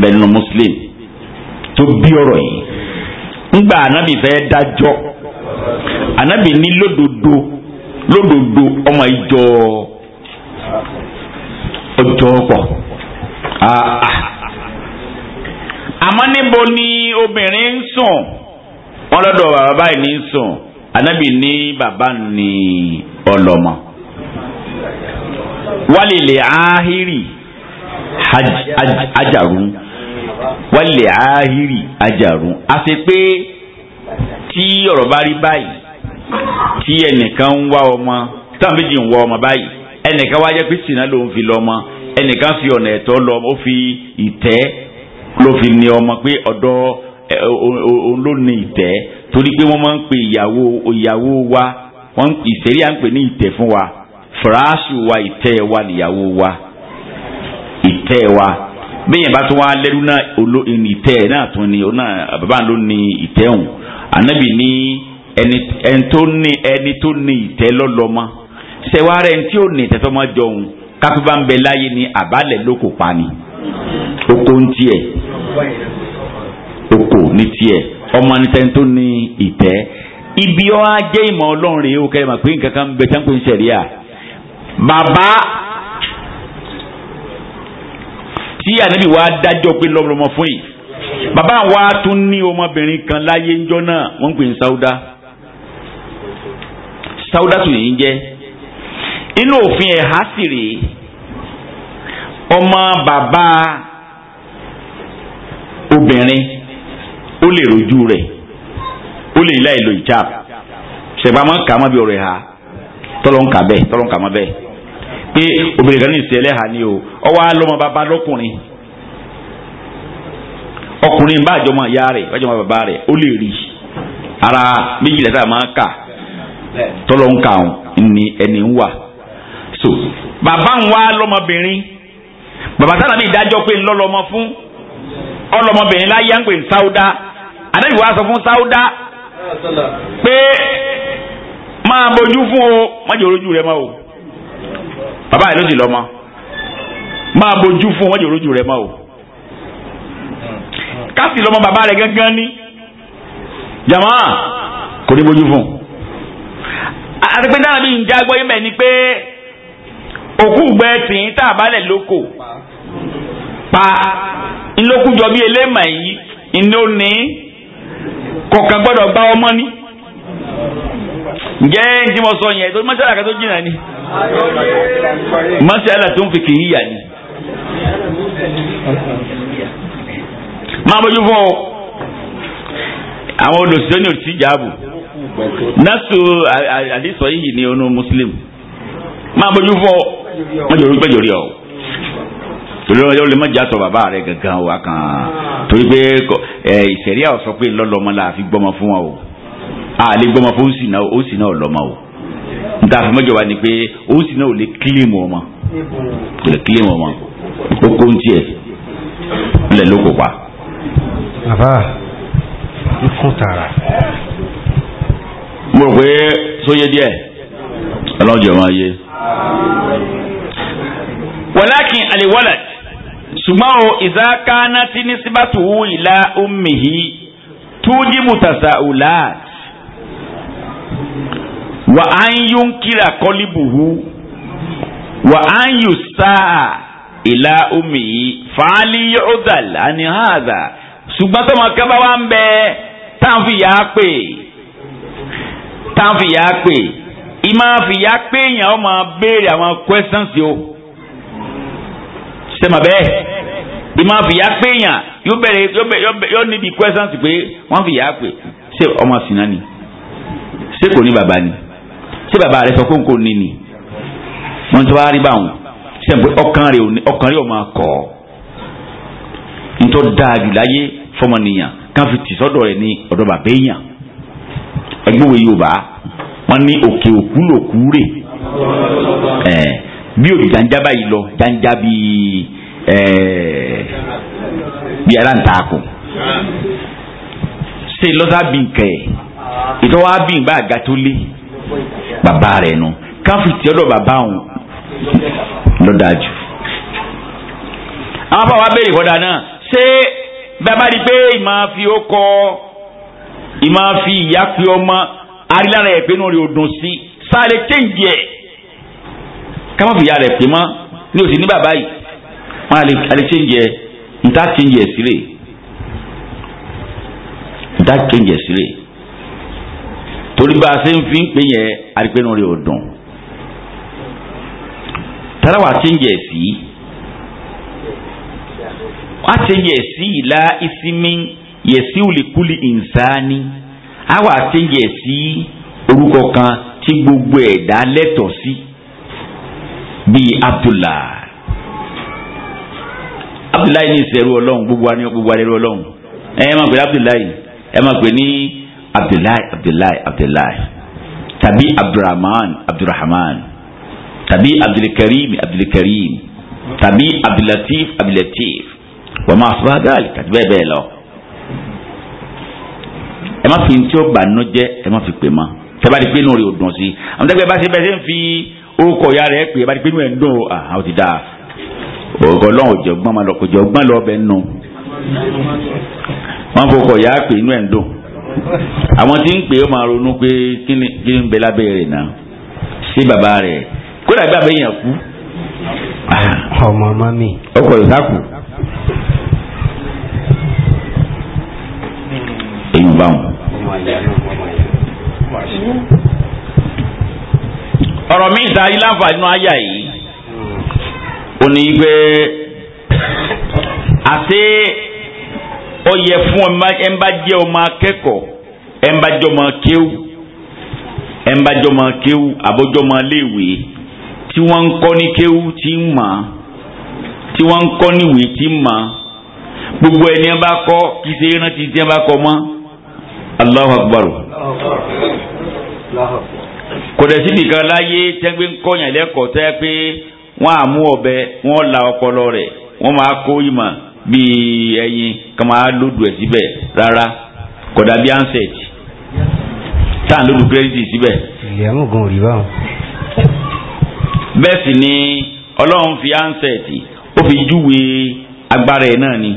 bẹ nínú muslim tó bí ọ̀rọ̀ yìí ngba anabi fẹ́ dájọ́ anabi ní lódodo lódodo ọmọ ìjọ ọjọ́ pọ̀ àmọ́ níbo ni obìnrin ń sùn wọ́n lọ́dọ̀ bàbá báyìí ní sùn anabi ní bàbá ní ọlọ́mọ wálé lè áhírì ajaru. Aj, aj, wálé ahírì ajarun àti pé tí ọ̀rọ̀ bá rí báyìí tí ẹnìkan ń wá ọmọ táwọn méjì ń wá ọmọ báyìí ẹnìkan wá jẹ́ pé sìnà ló ń fi lọ́mọ ẹnìkan fi ọ̀nà ẹ̀tọ́ lọ ó fi ìtẹ́ ló fi ní ọmọ pé ọ̀dọ́ òun ló ní ìtẹ́ torí pé wọ́n máa ń pe ìyàwó ìyàwó wa wọ́n ìtẹ́rí à ń pè ní ìtẹ́ fún wa faraṣu wa ìtẹ́ wa níyàwó wa ìtẹ́ wa bẹ́ẹ̀ bá tún wá lẹ́rú náà olo ìtẹ́ náà tún ni ọ̀nà bàbá ló ní ìtẹ́ òun ànábì ní ẹni tó ní ẹni tó ní ìtẹ́ lọ́lọ́mọ sẹ́wárẹ́ ẹni tí ó ní ìtẹ́ tọ́mọ jọ̀hún kápẹ́ bá ń bẹ láyé ni àbálẹ̀ ló kò pa ni oko ń tiẹ̀ oko ní tiẹ̀ ọmọ ní tẹ́ni tó ní ìtẹ́ ibi ọ́ á jẹ́ ìmọ̀ ọlọ́run rèé o kẹ́rẹ́ mà pé nǹkan kan bẹ tẹ́ńpé ń ṣẹ̀ríà bàbá tí ànábì wa dájọ́ pé lọ́mọ fún yìí bàbá wa tún ní ọmọbìnrin kan láyé ńjọ́ náà wọ́n ń pè ní tún yìí ń jẹ́ inú òfin ẹ̀há sì rèé ọmọ bàbá obìnrin ó lè rojú rẹ̀ ó lè láì lo ìjáàb ṣẹ̀gbọ́n a máa ń kà á mọ́ bí ọ̀rọ̀ ẹ̀há tọ́lọ́ ń pé obìnrin kan ní ìsìn ẹlẹ́hà ni o ọwọ́ alọ́mọ bàbá lọ́kùnrin ọkùnrin bá àjọmọ ìyá rẹ̀ bá bàbá rẹ̀ ó lè rí ara méjìlá tá ma kà tọ́lọ́ ni ẹni ń wà so bàbá ń wá lọ́mọbìnrin bàbá sábà fún ọlọ́mọbìnrin láyé ń pè fún sáúdá pé máa bójú fún o rẹ o. bàbá rẹ̀ ló sì lọ́mọ máa bójú fún wọn jòrójú rẹ̀ mọ́ o kásì lọ́mọ bàbá rẹ̀ gángan ní jàmọ́ kò ní bójú fún àtẹ̀pẹ́ dára bíi njẹ́ agbóyè mẹ́ ni pé òkú gbẹ tìǹ tá a balẹ̀ lóko pa ńlọkùjọ bíi elémà yìí ìnó ní kọ̀ọ̀kan gbọ́dọ̀ gbá ọmọ ní ǹjẹ́ ǹjẹ́ mo sọ yẹn tó mọ́ṣáláṣí tó jìnnà ni masala tó ń fi kìí yà ni. máa bójú fún ọ àwọn olùsíjọ́ ní òtí jáàbù násù àdìsọ yìí ni onú muslim máa bójú fún ọ wọ́n jòrí pé jòrí ọ torí wọn lè má jà sọ bàbá rẹ gangan wa kan torí pé ìṣẹ̀rí àwọn sọ pé lọ́lọ́mọ la fi gbọ́mọ fún wa o àlè gbọ́mọ fún ó sì náà ó sì náà lọ́mọ o nta fún mẹjọ wa ni pé òun sì náà ò lè kílíìmù ọmọ ò lè kílíìmù ọmọ ó kó ń tiẹ̀ ńlẹ̀ ló kó pa. bàbá ikú tààrà. mo rò pé sóye díẹ̀ ọlọ́jọ́ máa yé. wàlákin àlewọ́lẹ̀ ṣùgbọ́n o ìzákaná tí ní síbàtú ìlà ummihi túdí mutasaulat wà á ń yún kíra kọ́líbùhù wà á ń yù sáà ìlà omi yìí fàálì yọ̀dàl àní hàdà ṣùgbọ́n tọmọ kẹfà wa ń bẹ táwọn fìyà pè táwọn fìyà pè ìmọ̀ fìyà pé èèyàn ó máa béèrè àwọn questions yìí o sẹ́mà bẹ́ẹ̀ ìmọ̀ fìyà pé èèyàn yóò bẹ̀rẹ̀ yóò níbi questions pé wọ́n fìyà pé ṣé ọmọ sìnà ni ṣé kò ní bàbá ni ṣé bàbá rẹ sọ pé kò ní ni wọn ti wá rí báwọn ṣe pé ọkàn rẹ ò ní ọkàn rẹ ò máa kọ ọ nítorí dáa jù láyé fọmọnìyàn kan fi tìsọdọ rẹ ní ọ̀dọ̀ bàbá èèyàn ẹgbẹ́ wo Yorùbá wọn ní òkè òkú lòkú rè ẹ bí òjò jàǹjà báyìí lọ jàǹjà bíi ẹ bíi aláǹtakùn ṣe lọ́sàbí ìtọ́wá bí ìgbà àga lé bàbá rẹ̀ nu káfí tí ọ̀dọ̀ bàbá òun ló dáa jù. àwọn afọwọ́ abẹ́rẹ́ ìkọ́dà náà ṣé bàbá rí i pé ìmáa fi ó kọ ìmáa fi ìyá fi ọmọ arílára ẹ̀ pé inú rẹ̀ ò dùn sí sáré kéǹjì ẹ̀ káwọn fìyà rẹ̀ pè mọ́ ní òsì ní bàbá yìí wọn àlè kéǹjì ẹ̀ nta kéǹjì ẹ̀ sílẹ̀ nta kéǹjì ẹ̀ sílẹ̀ torí bá a ṣe ń fi ń pè yẹn àdìpẹ́nu rẹ̀ ò dùn tarawa ṣe ń jẹ sí a ṣe ń jẹ sí ìlà ìsinmi yẹsí òlìkúlì ìnsáni a wà ṣe ń jẹ sí orúkọ kan tí gbogbo ẹ̀dá lẹ́tọ̀ọ́ sí bíi Abdullah Abdullahi ní ìṣẹ̀rú ọlọ́run gbogbo wa ní gbogbo wa ní ọlọ́run ẹ máa pè ní Abdullahi ẹ máa pè ní abdullahi abdullahi abdullahi Tabi Abdurrahman, Abdurrahman. Tabi abdulkarim abdulkarim tàbí abdulatif abdulatif wa ma asbaha dhalika àti bẹ́ẹ̀ bẹ́ẹ̀ lọ ẹ má fi ní tí ó bà nínú jẹ́ ẹ má fi pè mọ́ tẹ́bá di pé inú rẹ̀ ò dùn sí àwọn tẹ́gbẹ́ bá ṣe bẹ́ẹ̀ ṣe ń fi orúkọ ìyá rẹ̀ pè é bá di pé inú ẹ̀ ń dùn àwọn ti dáa orúkọ ọlọ́run òjọ̀gbọ́n máa lọ kò jọ̀gbọ́n lọ bẹ́ẹ̀ nù wọ́n fọkọ̀ ìyá pè inú ẹ̀ ń dùn àwọn tí ń pè ó máa ronú pé kí ni ń bẹ lábẹ́ rẹ̀ náà sí bàbá rẹ̀ kódà bí bàbá èèyàn kú. ọmọ mami. ọkọ ìsákù. èyí bá wọn. ọ̀rọ̀ mi ta ilé àǹfààní náà yà yìí ó ní pé àti ó yẹ fún ẹ ń bá jẹ́ ọmọ akẹ́kọ̀ọ́ ẹ ń bá jẹ́ ọmọ kéwú ẹ ń bá jẹ́ ọmọ kéwú àbójọ́ ọmọ léèwé tí wọ́n ń kọ́ ní kéwú tí ń mọ̀ tí wọ́n ń kọ́ níwé tí ń mọ̀ gbogbo ẹni ẹ bá kọ́ kì í tí ẹ bá kọ́ mọ́ Akbar kò dẹ̀ láyé tẹ́gbẹ́ ń tẹ́ pé wọ́n á ọ̀bẹ wọ́n la ọpọlọ rẹ̀ wọ́n máa kó ìmọ̀ bíi ẹyin kama lódù ẹ síbẹ̀ rárá kódà bíi ansẹt tá à ń lódù kírẹ́dìtì síbẹ̀. bẹ́ẹ̀ sì ni ọlọ́run fi ansẹt ó fi júwe agbára ẹ̀ náà ni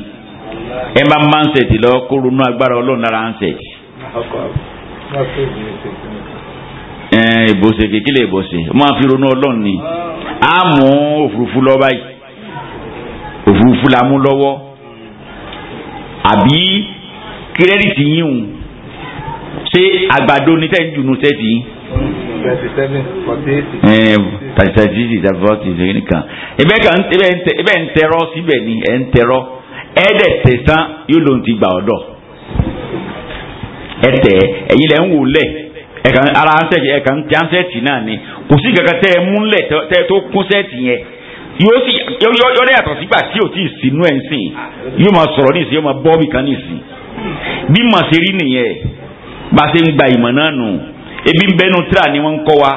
ẹ máa ń ansẹt lọ kó ronú agbára ọlọ́run lára ansẹt. ìbòsè kékeré ìbòsè ó máa fi ronú ọlọ́run ni a òfurufú lọ báyìí òfurufú la mú lọ́wọ́ àbí kírẹ́dìtì yín o ṣé àgbàdo ní tẹ́ ń jù nù tẹ́tì yín. thirty seven forty eight. Eh, thirty seven thirty forty eight nìkan ebe kan ebe ń tẹrọ síbẹ̀ ni ẹ̀ ń tẹrọ ẹ̀ẹ́dẹ̀ tẹ̀sán yóò lóun ti gbà ọ̀dọ̀ ẹ̀ tẹ̀ ẹ̀yin lẹ̀ ń wò lẹ̀ ẹ̀ka ara ansẹ́tì ẹ̀ka ansẹ́tì náà ni kò sí kankan tẹ́ ẹ múlẹ̀ tẹ́ tó kún sẹ́ẹ̀tì yẹn yóò sì yóò dẹ́ yàtọ̀ sígbà tí ò tí ì sínú ẹ̀ ń sìn yóò máa sọ̀rọ̀ ní ìsìn yóò máa bọ́ bìkan ní ìsìn bí mà ṣe rí nìyẹn bá ṣe ń gba ìmọ̀ náà nù ebi ń bẹnu tíra ni wọ́n ń kọ́ wa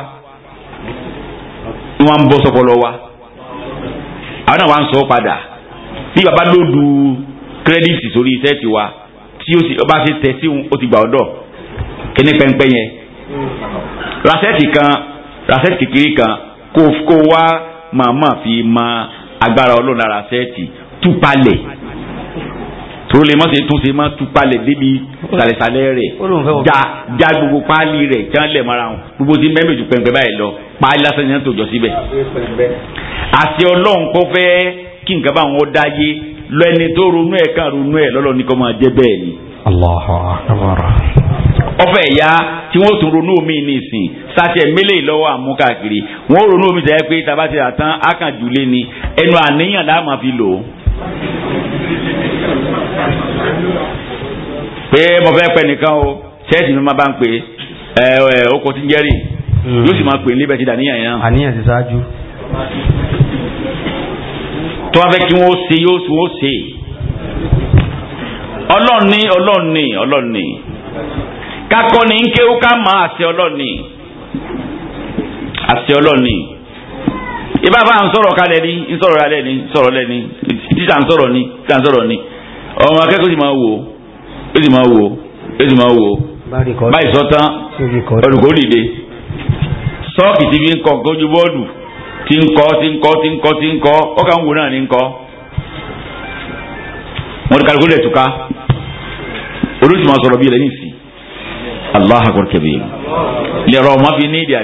ni wọ́n ń bọ́ sọ́pọ̀lọ́ wa àwọn náà wà ń sọ padà bí baba lódu kírẹ́díìtì sórí iṣẹ́ ti wa tí ó sì bá ṣe tẹ̀ sí ó ti gbà ọ́dọ̀ kíní pẹ́ńpẹ́ yẹn rasẹ́ẹ̀tì kan rasẹ́ẹ̀tì kékeré kan kò wá màmá fi ma agbára ọlọ́run lára sẹ́ẹ̀tì túpalẹ̀ tó lè mọ̀ sí tún ṣe mọ́ túpalẹ̀ débi sàlẹ̀sàlẹ̀ rẹ̀ já já gbogbo páálí rẹ̀ tí wọ́n lẹ̀ mọ́ra wọn gbogbo tí mẹ́rin ojú pẹ̀mpẹ́ báyìí lọ páálí lásán ni wọ́n tòjọ́ síbẹ̀. àti ọlọ́run kò fẹ́ kí nǹkan bá wọn dáyé lọ ẹni tó ronú ẹ̀ ká ronú ẹ̀ lọ́lọ́ ní kọ́ máa jẹ́ bẹ́ẹ̀ ni. Allahu Akbar ọfẹ ẹyà tí wọn tún ronú omi nìsín sátẹ mélè lọ́wọ́ àmú káàkiri wọn ronú omi tẹ pé taba ti àtàn akànjúlé ni ẹnu àníyàn dá máa fi lò ó. pé mo fẹ́ pẹ́ nìkan o ṣẹ́ẹ̀sì mi máa bá ń pè ẹ ẹ oko tí ń jẹ́rì hmm. yóò sì máa pè níbẹ̀ tí dàníyàn yẹn. àníyàn ti ṣáájú. tó bá fẹ́ kí wọ́n ṣe yóò ṣe wọ́n ṣe ọlọ́ọ̀ni ọlọ́ọ̀ni ọlọ́ọ̀ni kakọ́ ni ń kéwú ká máa àṣẹ ọlọ́ni àṣẹ ọlọ́ni ibà bá ń sọ̀rọ̀ kalẹ̀ ni ń sọ̀rọ̀ kalẹ̀ ni ń sọ̀rọ̀ lẹ̀ ni títà ń sọ̀rọ̀ ni títà ń sọ̀rọ̀ ni ọmọ akẹ́kọ̀ọ́ sì máa wò ó sì máa wò ó sì máa wò ó báyìí sọ́tán olùkọ́ fi ń kọ́ gójú bọ́ọ̀lù tí ń kọ́ tí ń kọ́ tí ń kọ́ tí ń kọ́ ó kà ń wò náà ní ń kọ́ mọ̀tò allah akbar kebe lẹrọ ọmọ fi ní ìdí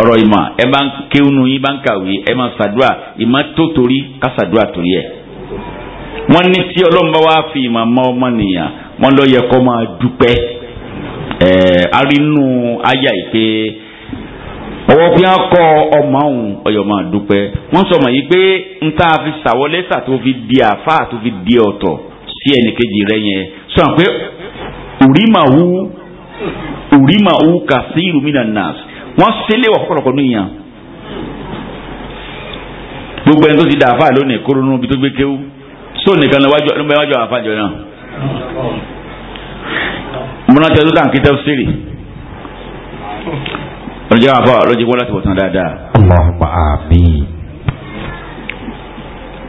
ọ̀rọ̀ ìmọ̀ ẹ bá ń kéwùnú yín bá ń kàwé ẹ máa ṣàdúrà tó torí ká ṣàdúrà torí ẹ wọ́n ní tí ọlọ́run wá fi ìmọ̀ mọ́ wọ́n lọ yẹ kó máa dúpẹ́ e, arínú ayà yìí pé ọwọ́ fi hàn kọ́ ọmọ òun ọyọ̀ máa dúpẹ́ wọ́n fi ṣàwọlé di fi di urimahu urimahu kathiru minan nas wọ́n sílẹ̀ wà fọ́pọ̀lọpọ̀ ní ìyàn gbogbo ẹni tó ti dà àfáà lónìí kóró nínú ibi tó gbé kéwú sóò nìkan lọ́wọ́ iwájú àfáà jọ náà múnátẹ́ tó tàǹkì tẹ́ sírì ọjọ́ àfáà lọ́jọ́ wọ́n láti wọ̀tán dáadáa. Allahumma àmín.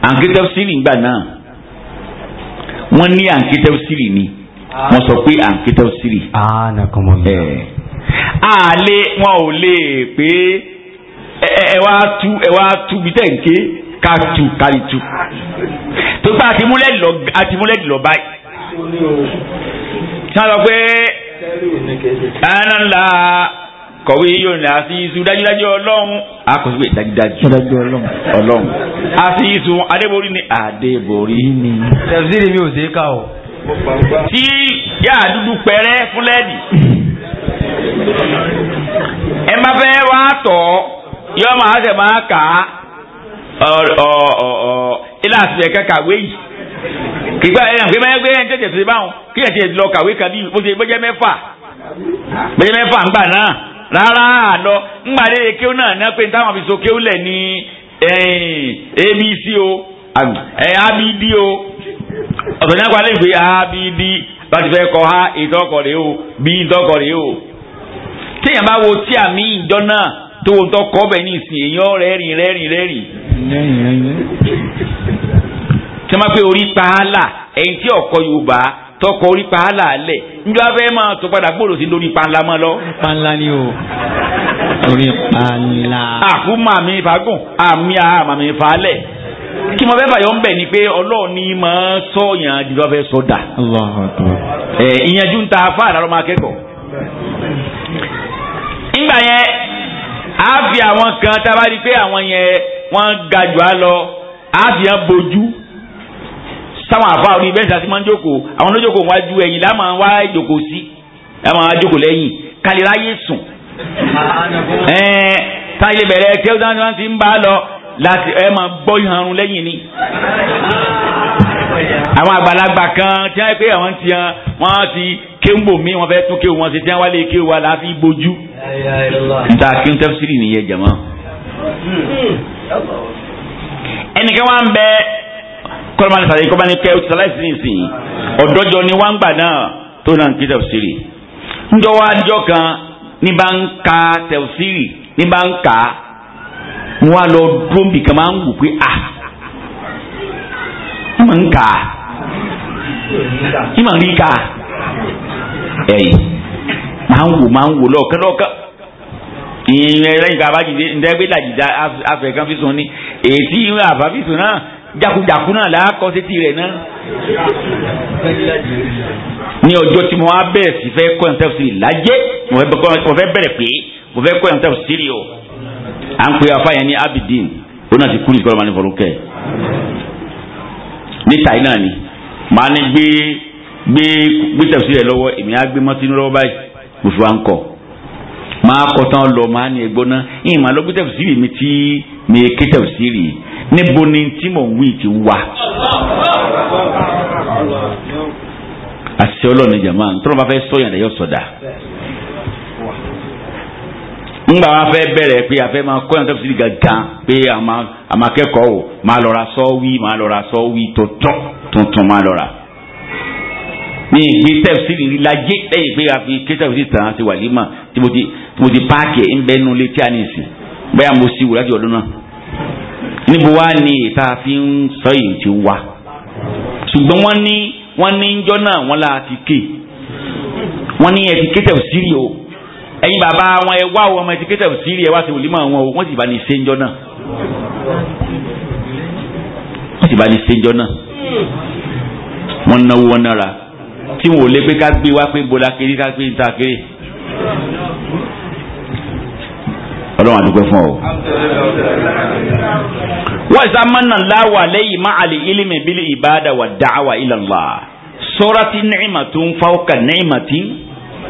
àǹkì tẹ́ sírì ńgbà náà wọ́n ní àǹkì tẹ́ sírì ni wọ́n sọ pé à ń ké tafsiri. àlè wọn ò lè pé ẹ wá tu ẹ wá tú bí tẹ̀ ń ké ká tú ká lè tú. tó bá àtìmúlẹ̀ lọ báyìí. tí wọ́n sọ pé ẹ̀rọ ńlá kọ̀wé yóò ní àfihàn dájúdájú ọlọ́run àkọsí dájúdájú ọlọ́run àfihàn adébórí ni adébórí ni. tafsiri mi ò ṣe é kà o. tí yàá dúdú pẹrẹ fúlẹ́ẹ̀dì ẹ má fẹ́ wá tọ̀ yọ máa ṣe máa kà á ilé àtúnyẹ kẹkà wéyì kígbà ẹ̀ ẹ̀ ẹ̀ ẹ̀ ń tẹ̀sẹ̀ sí báwọn kí ẹ̀ ṣe lọ kàwé mẹ́fà náà rárá àlọ́ náà táwọn lẹ̀ ní abc o. ọ̀tọ̀ ní akwalẹ̀ ìgbé a ah, bí d bá ti fẹ́ kọ́ a ìtọ́kọ̀ rèé o bí ìtọ́kọ̀ rèé o téèyàn bá wo tí àmì ìjọ náà tó wo tọkọ bẹ̀ ní ìsìn èèyàn rẹ́rìn rẹ́rìn rẹ́rìn tí wọ́n pé orí paálà ẹ̀yìn tí ọkọ Yorùbá tọkọ orí paálà lẹ̀ njọ́ afẹ́ máa tó padà gbòòrò sí lórí paálà mọ́ lọ. paálà ni o orí paálà. àkú màmí fagùn àmì àmàmì falẹ̀ kí mo fẹ́ fàyọ̀ ń bẹ̀ ni pé ọlọ́ọ̀ni máa sọ yàn jùlọ fẹ́ sọ dà. ẹ ìyànjú ń ta afá àdàrọ̀ máa kẹ́kọ̀ọ́. nígbà yẹn a fi àwọn kan tábà rí pé àwọn yẹn wọ́n ga jù á lọ a fi hàn bojú sáwọn afá orí bẹ́ẹ̀ sàtí máa ń jókòó àwọn olójókòó wájú ẹ̀yìn láwọn máa ń wá jókòó sí láwọn máa jókòó lẹ́yìn kálíráyè sùn. ẹ táyé bẹ̀rẹ̀ kí láti ẹ máa gbọ́ ìhanrun lẹ́yìn ni. àwọn àgbàlagbà kan tí wọ́n pé àwọn ti hàn wọ́n ti kéwò mí wọ́n fẹ́ tún kéwò wọn sí tí wọ́n wálé kéwò wa láti gbójú. nta kí n tẹ́fsìrì nìyẹn jama. ẹnìkan wá ń bẹ kọ́lọ́mọ́ni sàlẹ̀ kọ́lọ́mọ́ni kẹ́ ọtí sàlẹ̀ sí nìsín ọ̀dọ́jọ́ ni wọ́n ń gbà náà tó náà ń kí tẹ́fsìrì. ńjọ́ wá jọ kan ní bá ń ka tẹ́fsìrì ní bá ń kà mo wá lọ dúró nbìkan máa ń wò pé a ń mọ̀ ń kà á ń mọ̀ ń rí kà á ẹ̀yìn máa ń wò máa ń wò lọ́ọ̀kan lọ́ọ̀kan ìyẹn lẹ́yìn ká abájídé ǹdẹ́gbẹ́ làjìdá afẹ́kan fi sùn ni èsì ìwé àbáfíìsùn náà jákujàku náà làákọ́ sétí rẹ̀ náà. ní ọjọ́ tí mo wá bẹ̀rẹ̀ sí fẹ́ kọ́ ẹ̀ ń tẹ́fù sí i lájẹ́ mo fẹ́ bẹ̀rẹ̀ pé mo fẹ́ kọ́ ẹ̀ ń tẹ́fù sí i o à ń pè afa yẹn ní abidin ó náà ti kú nìkan ọmọ nífọ̀rọ̀ kẹ́ níta yìí náà ni màá ní gbé gbé gbé tẹ̀sí rẹ̀ lọ́wọ́ èmi á gbé mọ́tínú lọ́wọ́ báyìí mo fi wá ń kọ́ máa kọ́ tán lọ máa ní egbò náà ìyìn màá lọ gbé rẹ̀ mi tí mi ké tẹ̀sí rẹ̀ níbo ni tí mò ń wí ti ń wá. àṣẹ ọlọ́ọ̀ni jàmáà ntọ́nà bá fẹ́ sọ yàn lẹ́yọ̀ ńgbà wọn fẹ́ bẹ̀rẹ̀ pé àfẹ́ máa kọ́ yàn tẹ́fìsì gangan pé àmà akẹ́kọ̀ọ́ ma máa lọ́ra sọ́wí máa lọ́ra sọ́wí tuntun tuntun máa lọ́ra. ní ìgbé tẹ́fìsì rí lajé lẹ́yìn pé àfi ké tẹ́fìsì tàn án ti wà límà tí mo ti tí mo ti páàkì ń bẹ́ nu létí àníìsì bẹ́ẹ̀ mo sì wù láti ọdún náà. níbo wá ni ìta fi ń sọ èyí ti wá. ṣùgbọ́n wọ́n ní wọ́n ní ń jọ́ náà wọ́n láti ké wọ́n ní ẹ ti ké tẹ́fìsì rí o ẹ̀yin bàbá wọn ẹ wá ọmọ ẹtí kétà sírí ẹ wá sí olímọ̀ wọn o wọ́n sì bá ní séńjọ́ náà wọ́n sì bá ní séńjọ́ náà wọ́n náwó wọn nára tí wọn ò lé pé ká gbé wá pé bọ́lá kiri ká gbé níta kiri ọlọ́run àdúgbò fún ọ. wọ́n sá mọ́nà láwà lẹ́yìn má àlè ilimi bílí ìbáàdà wà dáhàwà ilallah sọ́ra tí nìyìmà tó ń fa ọkà nìyìmà tí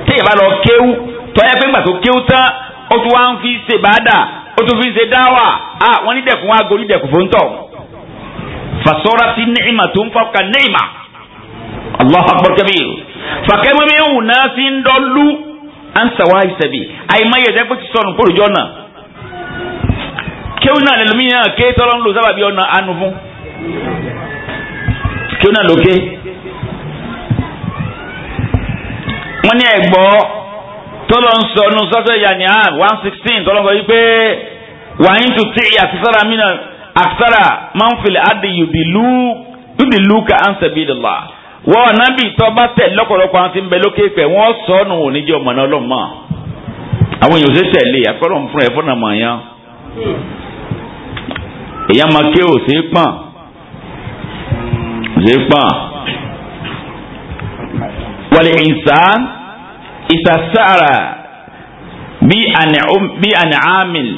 téèyàn bá lọ kéwù. tọ́yẹ pé ńgbà tó kéwú tán ó tún wá ń fi ṣe bàdà ó tún fi ṣe dáwà à wọ́n ní dẹ̀kun wá gorí dẹ̀kun fún fasọ́ra sí nìyíma tó ń fọ́ ka nìyíma Allahu akbar kabir fàkẹ́mọ́mí ń náà sí ń dọ́lú ansawa ìsẹ̀bi àyèmáyé ẹ̀dẹ́ pé ti sọnù kó lójọ́ náà kéwù náà lẹ́lùmí náà ké tọ́lọ́ ń lo sábàbí ọ̀nà àánú fún kéwù náà lókè wọ́n ní ẹ̀gbọ́. tọ́lọ̀ ń sọ nù sọ́tọ̀ yaniham one sixteen tọ́lọ̀ ń sọ wípé wàyí tún tí àkísára mìíràn àkísára máa ń filẹ̀ adé yòdì lù ká ansabilillah wọ́n nábì tọ́ba tẹ̀ lọ́pọ̀lọpọ̀ àwọn tí ń bẹ lókè pẹ̀ wọ́n sọ nù oníjẹ́ ọmọ náà lọ́mọ àwọn èèyàn ṣe tẹ̀lé àkọ́lọ́ ń fún ẹ fún ọmọ yẹn èèyàn máa ké ò sí pọ̀n sí pọ̀n wal insan isasara bi an bi an amil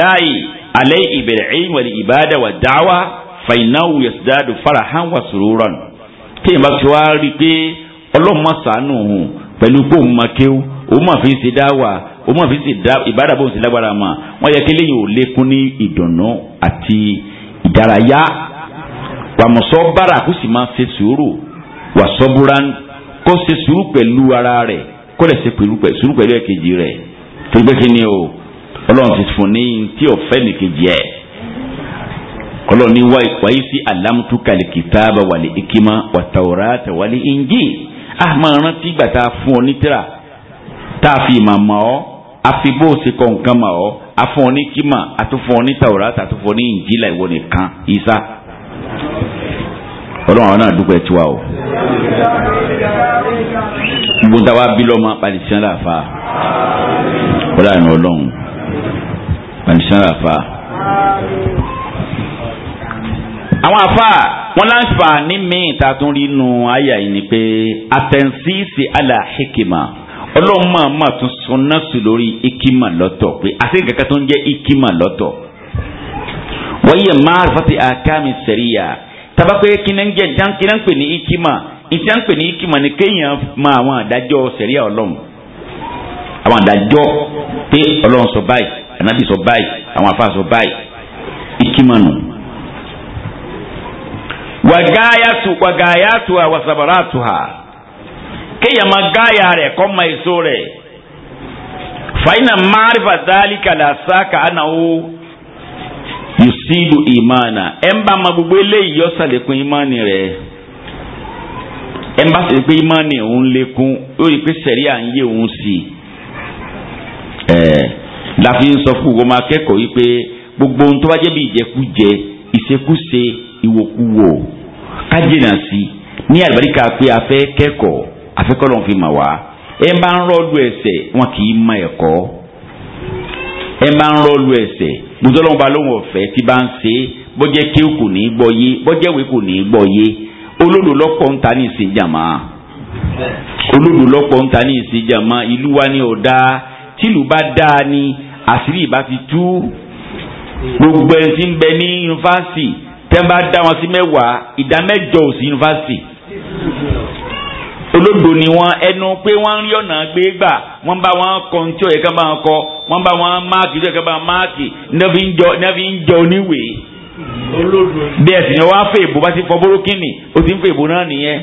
lai alayhi bil ilm wal ibada wa da'wa fa innahu yasdadu farahan wa sururan tí n bá ti wá rí i pé ọlọ́run máa sànù òun pẹ̀lú pé òun máa kéwú òun máa fi ń ṣe dáwà òun máa fi ń ṣe ìbádà bóun ṣe lágbára mà wọ́n yẹ kí lẹ́yìn lékún ní ìdùnnú àti ìdárayá wàmùsọ̀ bára kó sì máa ṣe sùúrù wàsọ́búra kó ṣe sùúrù pẹ̀lú ara rẹ̀ kó lè ṣe pẹ̀lú sùúrù pẹ̀lú ẹ̀kejì rẹ̀ torí kí ni o ọlọ́run ti fún ní tí ọ̀fẹ́ nìkejì ẹ̀ ọlọ́run ní wáyé sí alámùtúkàlì kìtàbà wàlẹ̀ ìkímà wàtàwọ̀rátà wàlẹ̀ ìǹjì a máa rántí ìgbà tá a fún ọ ní tíra tá a fi ìmọ̀ mọ́ ọ a fi bó o ṣe kọ nǹkan mọ́ ọ a fún ọ ní kímà a tún fún ọ ní tàwọ̀rátà a tún fún ọ ní ìǹjìlá ìwọ nìkan ìsá ọlọ́run àwọn náà dúpẹ́ tiwa o. gbogbo wa bí lọ́mọ palisiyan la fa ọlọ́run àná ọlọ́run palisiyan la fa. àwọn afa wọn láǹfààní míì tá a tún rí nu àyà yìí ni pé àtẹ̀síìsì aláhìkìmà ọlọ́run máa máa tún sọnà sí lórí ìkìmà lọ́tọ̀ pé àti kankan tó ń jẹ́ ìkìmà lọ́tọ̀ wọ́n yẹ máa fati àkàmì sẹ̀ríyà taba pé kinanjẹ jan kinanpe ni ikima ìtìyànpè ni ikima ni kéèyàn ma àwọn àdájọ́ sẹ̀ríà ọlọ́run àwọn àdájọ́ pé ọlọ́run sọ báyìí anabi sọ báyìí àwọn afa sọ báyìí ikima nù. wàgáyàtù wàgáyàtù àwàsàbàràtù ha kéèyàn ma gáyà rẹ̀ kọ́ ma èso rẹ̀ fàyínà márífà dálíkà làṣà kà á nà yusibu imana ẹ̀ ń bá ma gbogbo eléyìí yọ sàlékún imani rẹ̀ ẹ̀ ń bá sì pé imani òun lékún ó rí i pé sẹ̀ríà ń yé òun sí i ẹ̀ láfi ń sọ fún ìwọ́n akẹ́kọ̀ọ́ yìí pé gbogbo ohun tó bá jẹ́ bí ìjẹkújẹ ìṣekúṣe ìwòkuwò kájìnà sí ní àlùbáríkà pé a kẹ́kọ̀ọ́ àfẹ́kọ́ lọ́n fi mà wá ẹ̀ ń rọ́ọ̀dù ẹ̀sẹ̀ wọn kì í mọ ẹ̀kọ́ ẹ máa ń rọlu ẹsẹ̀ gbùdọ́lọ́wọ́n bá lóun ọ̀fẹ́ tí bá ń ṣe é bọ́jẹ́ kí kò ní gbọ́ yé bọ́jẹ́ ìwé kò ní gbọ́ yé olódò lọ́pọ̀ ń ta ní ìsìn olódò lọ́pọ̀ ń ta ní ìsìn ìlú wa ni ọ̀dà tìlú bá dáa ni àṣírí ìbá ti tú gbogbo ẹ̀ ti ń bẹ ní yunifásitì tẹ́ bá dá wọn sí mẹ́wàá ìdá mẹ́jọ ò sí yunifásitì olódò ni wọn ẹnu pé wọn ń rí ọ̀nà gbé gbà wọn bá wọn kọ ní tí ó máa kọ wọ́n bá wọn máàkì tó yẹ kí wọ́n bá máàkì nẹ́ẹ̀fì ń jọ oníwèé bí ẹ̀sìn ni wọ́n á fẹ́ èbó bá ti fọ bórókìnì ó ti ń fẹ́ èbó náà nìyẹn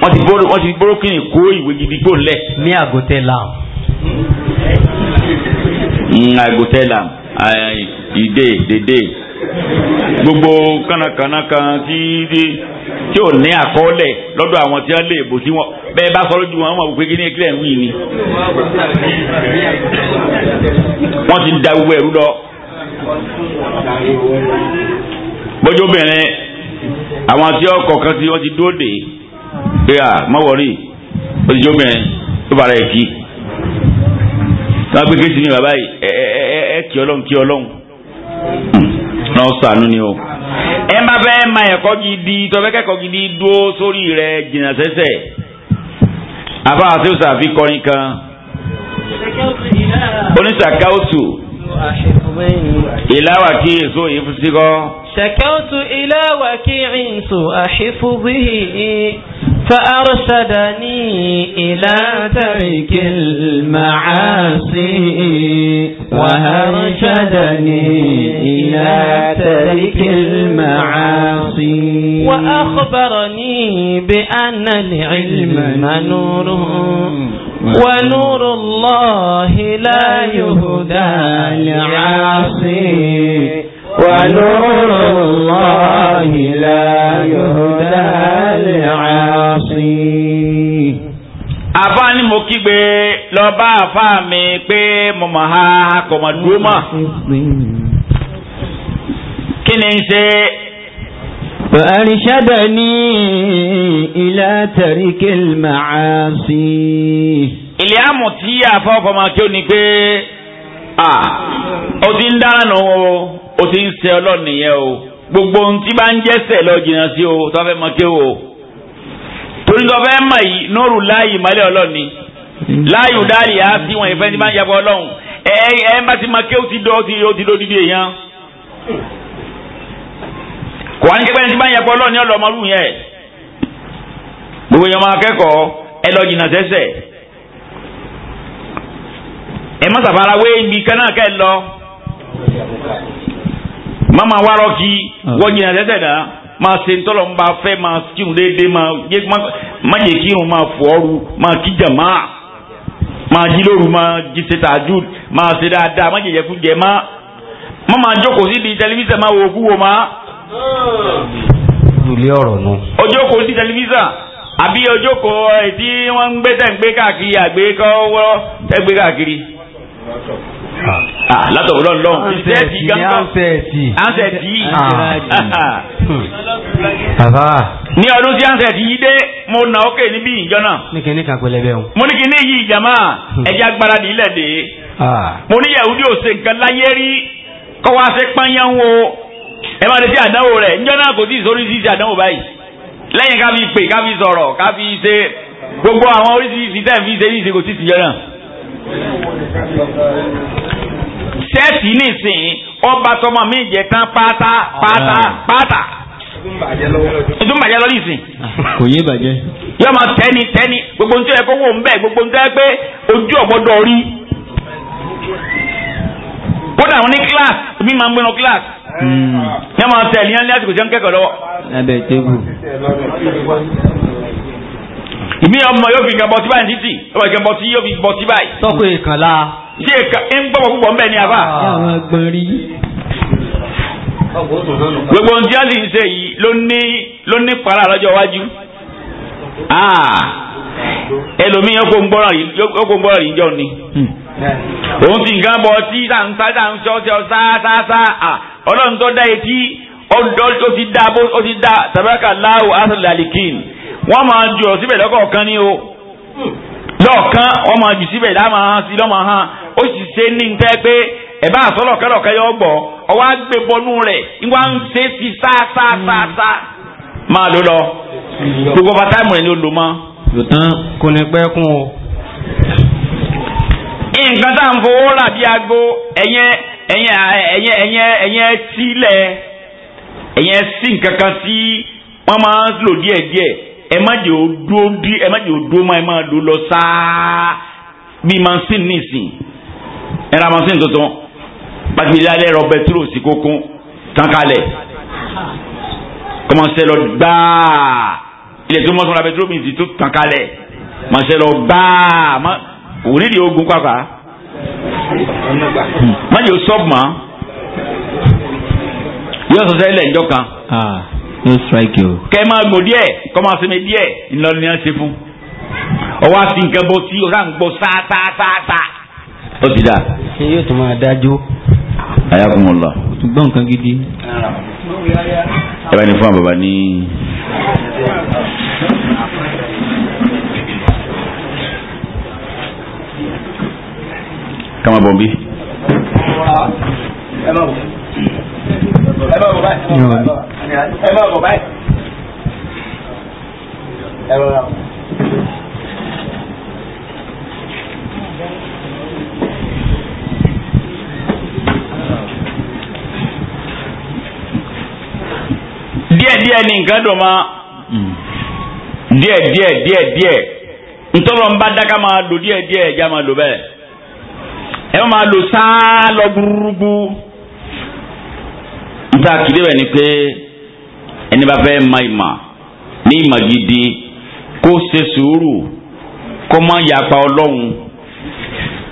wọ́n ti bórókìnì kó ìwé gidi gbò lẹ̀. ní àgùntẹ́ lam. Hmm, àgùntẹ́ lam ìdè dèdè gbogbo kánakànà kan tí tí ò ní àkọọ́lẹ̀ lọ́dọ̀ àwọn tí wọ́n lè bò sí wọn bẹ́ẹ̀ bá sọ lójú wọn wọ́n mọ̀ pé kí ní ìpínlẹ̀ ń wí ni. wọ́n ti da gbogbo ẹ̀rú lọ. bójú obìnrin àwọn tí ọkọ̀ kan tí wọ́n ti dóde pé à mọ́wọ́rì bójú obìnrin tó bára ẹ̀ kí. wọ́n pé kí sí mi bàbá yìí ẹ ẹ ẹ kí ọlọ́run kí ọlọ́run náà sànú ni o ẹ má fẹ́ ma ẹ̀kọ́ gidi tọ́fẹ́ kẹ́kọ̀ọ́ gidi dúró sórí rẹ̀ jìnnà sẹ́sẹ̀ àfa àti òsàfi kọrin kan oníṣàkáwùtù ìlàwà kí èso yìí fi sí kọ́. شكوت إلى وكيع سوء حفظه فأرشدني إلى ترك المعاصي وأرشدني إلى ترك المعاصي وأخبرني بأن العلم نوره ونور الله لا يهدى لعاصي mi pé mo mọ̀ ha kò mọ̀ dúró mọ̀ kí ni n ṣe. فأرشدني إلى ترك المعاصي ìlíàmù tí àfọwọ́fọmọ kí ó ní pé ó ti ń dáná nù o ti ń ṣe ọlọ́run o gbogbo ohun tí bá ń jẹ́sẹ̀ lọ jìnnà sí o tó fẹ́ mọ kí o torí tó fẹ́ mọ̀ yìí nóòrù láàyè ìmọ̀lẹ́ ọlọ́run láàyò dáàlì á sí wọn ìfẹ́ ní bá ń yabọ̀ ọlọ́run ẹ ẹ bá ti máa ké ó ti dọ́ ó ti ó ti lódìdí èèyàn kò wá ní kẹ́kẹ́ ní ti bá ń yabọ̀ ọlọ́run ní ọlọ́mọlú yẹn gbogbo yẹn máa kẹ́kọ̀ọ́ ẹ lọ jìnnà sẹ́sẹ̀ ẹ má sàfara wé ibi kan kẹ́ ẹ lọ má máa wá rọ́ọ̀kì ah. wọ́n jìnnà sẹ́sẹ̀ náà máa ṣe ntọ́lọ̀ ń bá fẹ́ máa kírun déédéé máa yé má jẹ́ kírun máa fọ́ ọ́rù máa kí jàmáà máa jí lóru máa jí ṣe tàájú máa ṣe dáadáa má jẹjẹ kú jẹ má má máa jókòó sí di tẹlifíṣàn máa wò kú wò má. ìlú ọ̀rọ̀ nù. ọjọ́ kò sí tẹlifíṣàn àbí ọjọ́ kò ẹ̀ tí wọ́n ń gbé tẹ̀ ń gbé káàkiri àgbékọ́ wọ́rọ́ tẹ́ gbé káàkiri. Ah, látọ̀ lọ́n lọ́n ìṣẹ́ẹ̀tì gángan ansẹ̀tì ansẹ̀tì ah. bàbá. ní ọdún tí ansẹ̀tì yìí dé mo nà ókè níbí ìjọ náà. ní kìíní kan pẹ̀lẹ́ bẹ́ẹ̀ o. mo ní kìíní yìí jàmá hmm. ẹja agbára nílẹ̀ dé. Ah. mo ní yahudi ò ṣe nǹkan láyé rí kọ́ wá sí pányán wo ẹ máa lè ṣe àdánwò rẹ̀ ìjọ náà kò tí ì sórí ṣíṣe àdánwò báyìí lẹ́yìn ká fi pè ká fi sọ̀rọ̀ ká fi ṣe gbogbo àwọn oríṣiríṣi tẹ̀ fi ṣe ní ìṣe kò tí náà sẹ́ẹ̀tì nìsín ọba tọmọ mi jẹ tán pátá pátá pátá ìdún bàjẹ́ lọ́lọ́ ìsìn. kò yé bàjẹ́. yóò máa tẹ́ni tẹ́ni gbogbo ní tó yẹ kó wò ń bẹ̀ gbogbo ní tó yẹ pé ojú ọ̀gbọ́dọ̀ rí. kódà wọn ní kíláàsì mi máa ń gbénu kíláàsì. Hmm. yóò máa ní àsìkò tí wọ́n ń lọ́wọ́. ẹ bẹ̀ tẹ́gù ìmí ọmọ yóò fi nǹkan bọ sí báyìí títì ọmọ ìkan bọ sí yóò fi bọ sí báyìí. tọkọ ìkànlá. ṣé ìka ń gbọ́ púpọ̀ ń bẹ̀ ní abá. àwọn agbọ̀nrín. gbogbo ohun tí a lè ṣe yìí ló ní ló ní para lọ́jọ́ iwájú. Ah, ẹlòmíì yóò kó ń gbọ́ràn yìí yóò kó ń gbọ́ràn yìí jọ ni. Hmm. òun ti nǹkan bọ̀ sí sáńsá sáńsá sáńsá ah, ọlọ́run tó dá etí ó ti dá tàbí ká láwù asọ̀lẹ̀ wọ́n máa jù ọ síbẹ̀ lọ́kọ̀ọ̀kan ni o lọ́ọ̀kan wọ́n máa síbẹ̀ láwọn ahọ́n sí lọ́mọ ahọ́n ó sì ṣe ní ní tẹ́ pé ẹ̀bá àsọ̀lọ̀ kẹ́lọ̀kẹ́ yọ gbọ́ ọwọ́ àgbè bọnú rẹ̀ ìwà ń ṣe sí sáásáásá máa ló lọ gbogbo lò mọ́. yòtán kò ní pẹ́ kún o. nǹkan tá à ń fowó rà bí aago sílẹ̀ sí nǹkan kan sí wọ́n máa ń ẹ má jẹ́ o dúó dí ẹ má jẹ́ o dúó má ẹ má lò lọ sáá bí mansin nìsín ẹ ra mansin tuntun pàtàkì alẹ́ rọ bẹtúrò sí kókó kankalẹ̀ kọ́mọ̀sẹ̀ lọ gbáà ilẹ̀ tó mọ̀ sọ́ra bẹtúrò mi ti tó kankalẹ̀ mọ̀sẹ̀ lọ gbáà òní di ogun pàpà má jẹ́ o sọ́ọ̀bù mọ́ yóò sọ sẹ́lẹ̀ ìjọ kan. Ah. No strike you. kẹ́ ẹ máa gbò díẹ̀ kọ́ máa sinmi díẹ̀ ńlọrọ ni wọ́n ṣe fún. ọwọ́ àti nǹkan bọ́ tí ọ̀rá ń gbọ́ sáásáásáásá. ó ti dà. ṣé yóò tún máa dájú. àyà kún un lọ. o tún gbọ́ nǹkan gidi. ẹ bá ní fún àbàbà ní. kama bọ̀ bí. ẹ má bọ̀ ẹ bá bọ̀ báyìí ẹ bá bọ̀ báyìí ẹ bá bọ̀. díẹ̀díẹ̀ ni nǹkan dùn ma díẹ̀díẹ̀ díẹ̀díẹ̀ ntọ́lọ̀ ń bá dáká máa lò díẹ̀díẹ̀ ẹja máa lò bẹ́ẹ̀ ẹ máa lò sáá lọ gbúrúgbú tá a kì í débẹ̀ ni pé ẹni bá fẹ́ ma ìmọ̀ ní ìmọ̀ gidi kó ṣe sùúrù kó má yapa ọlọ́run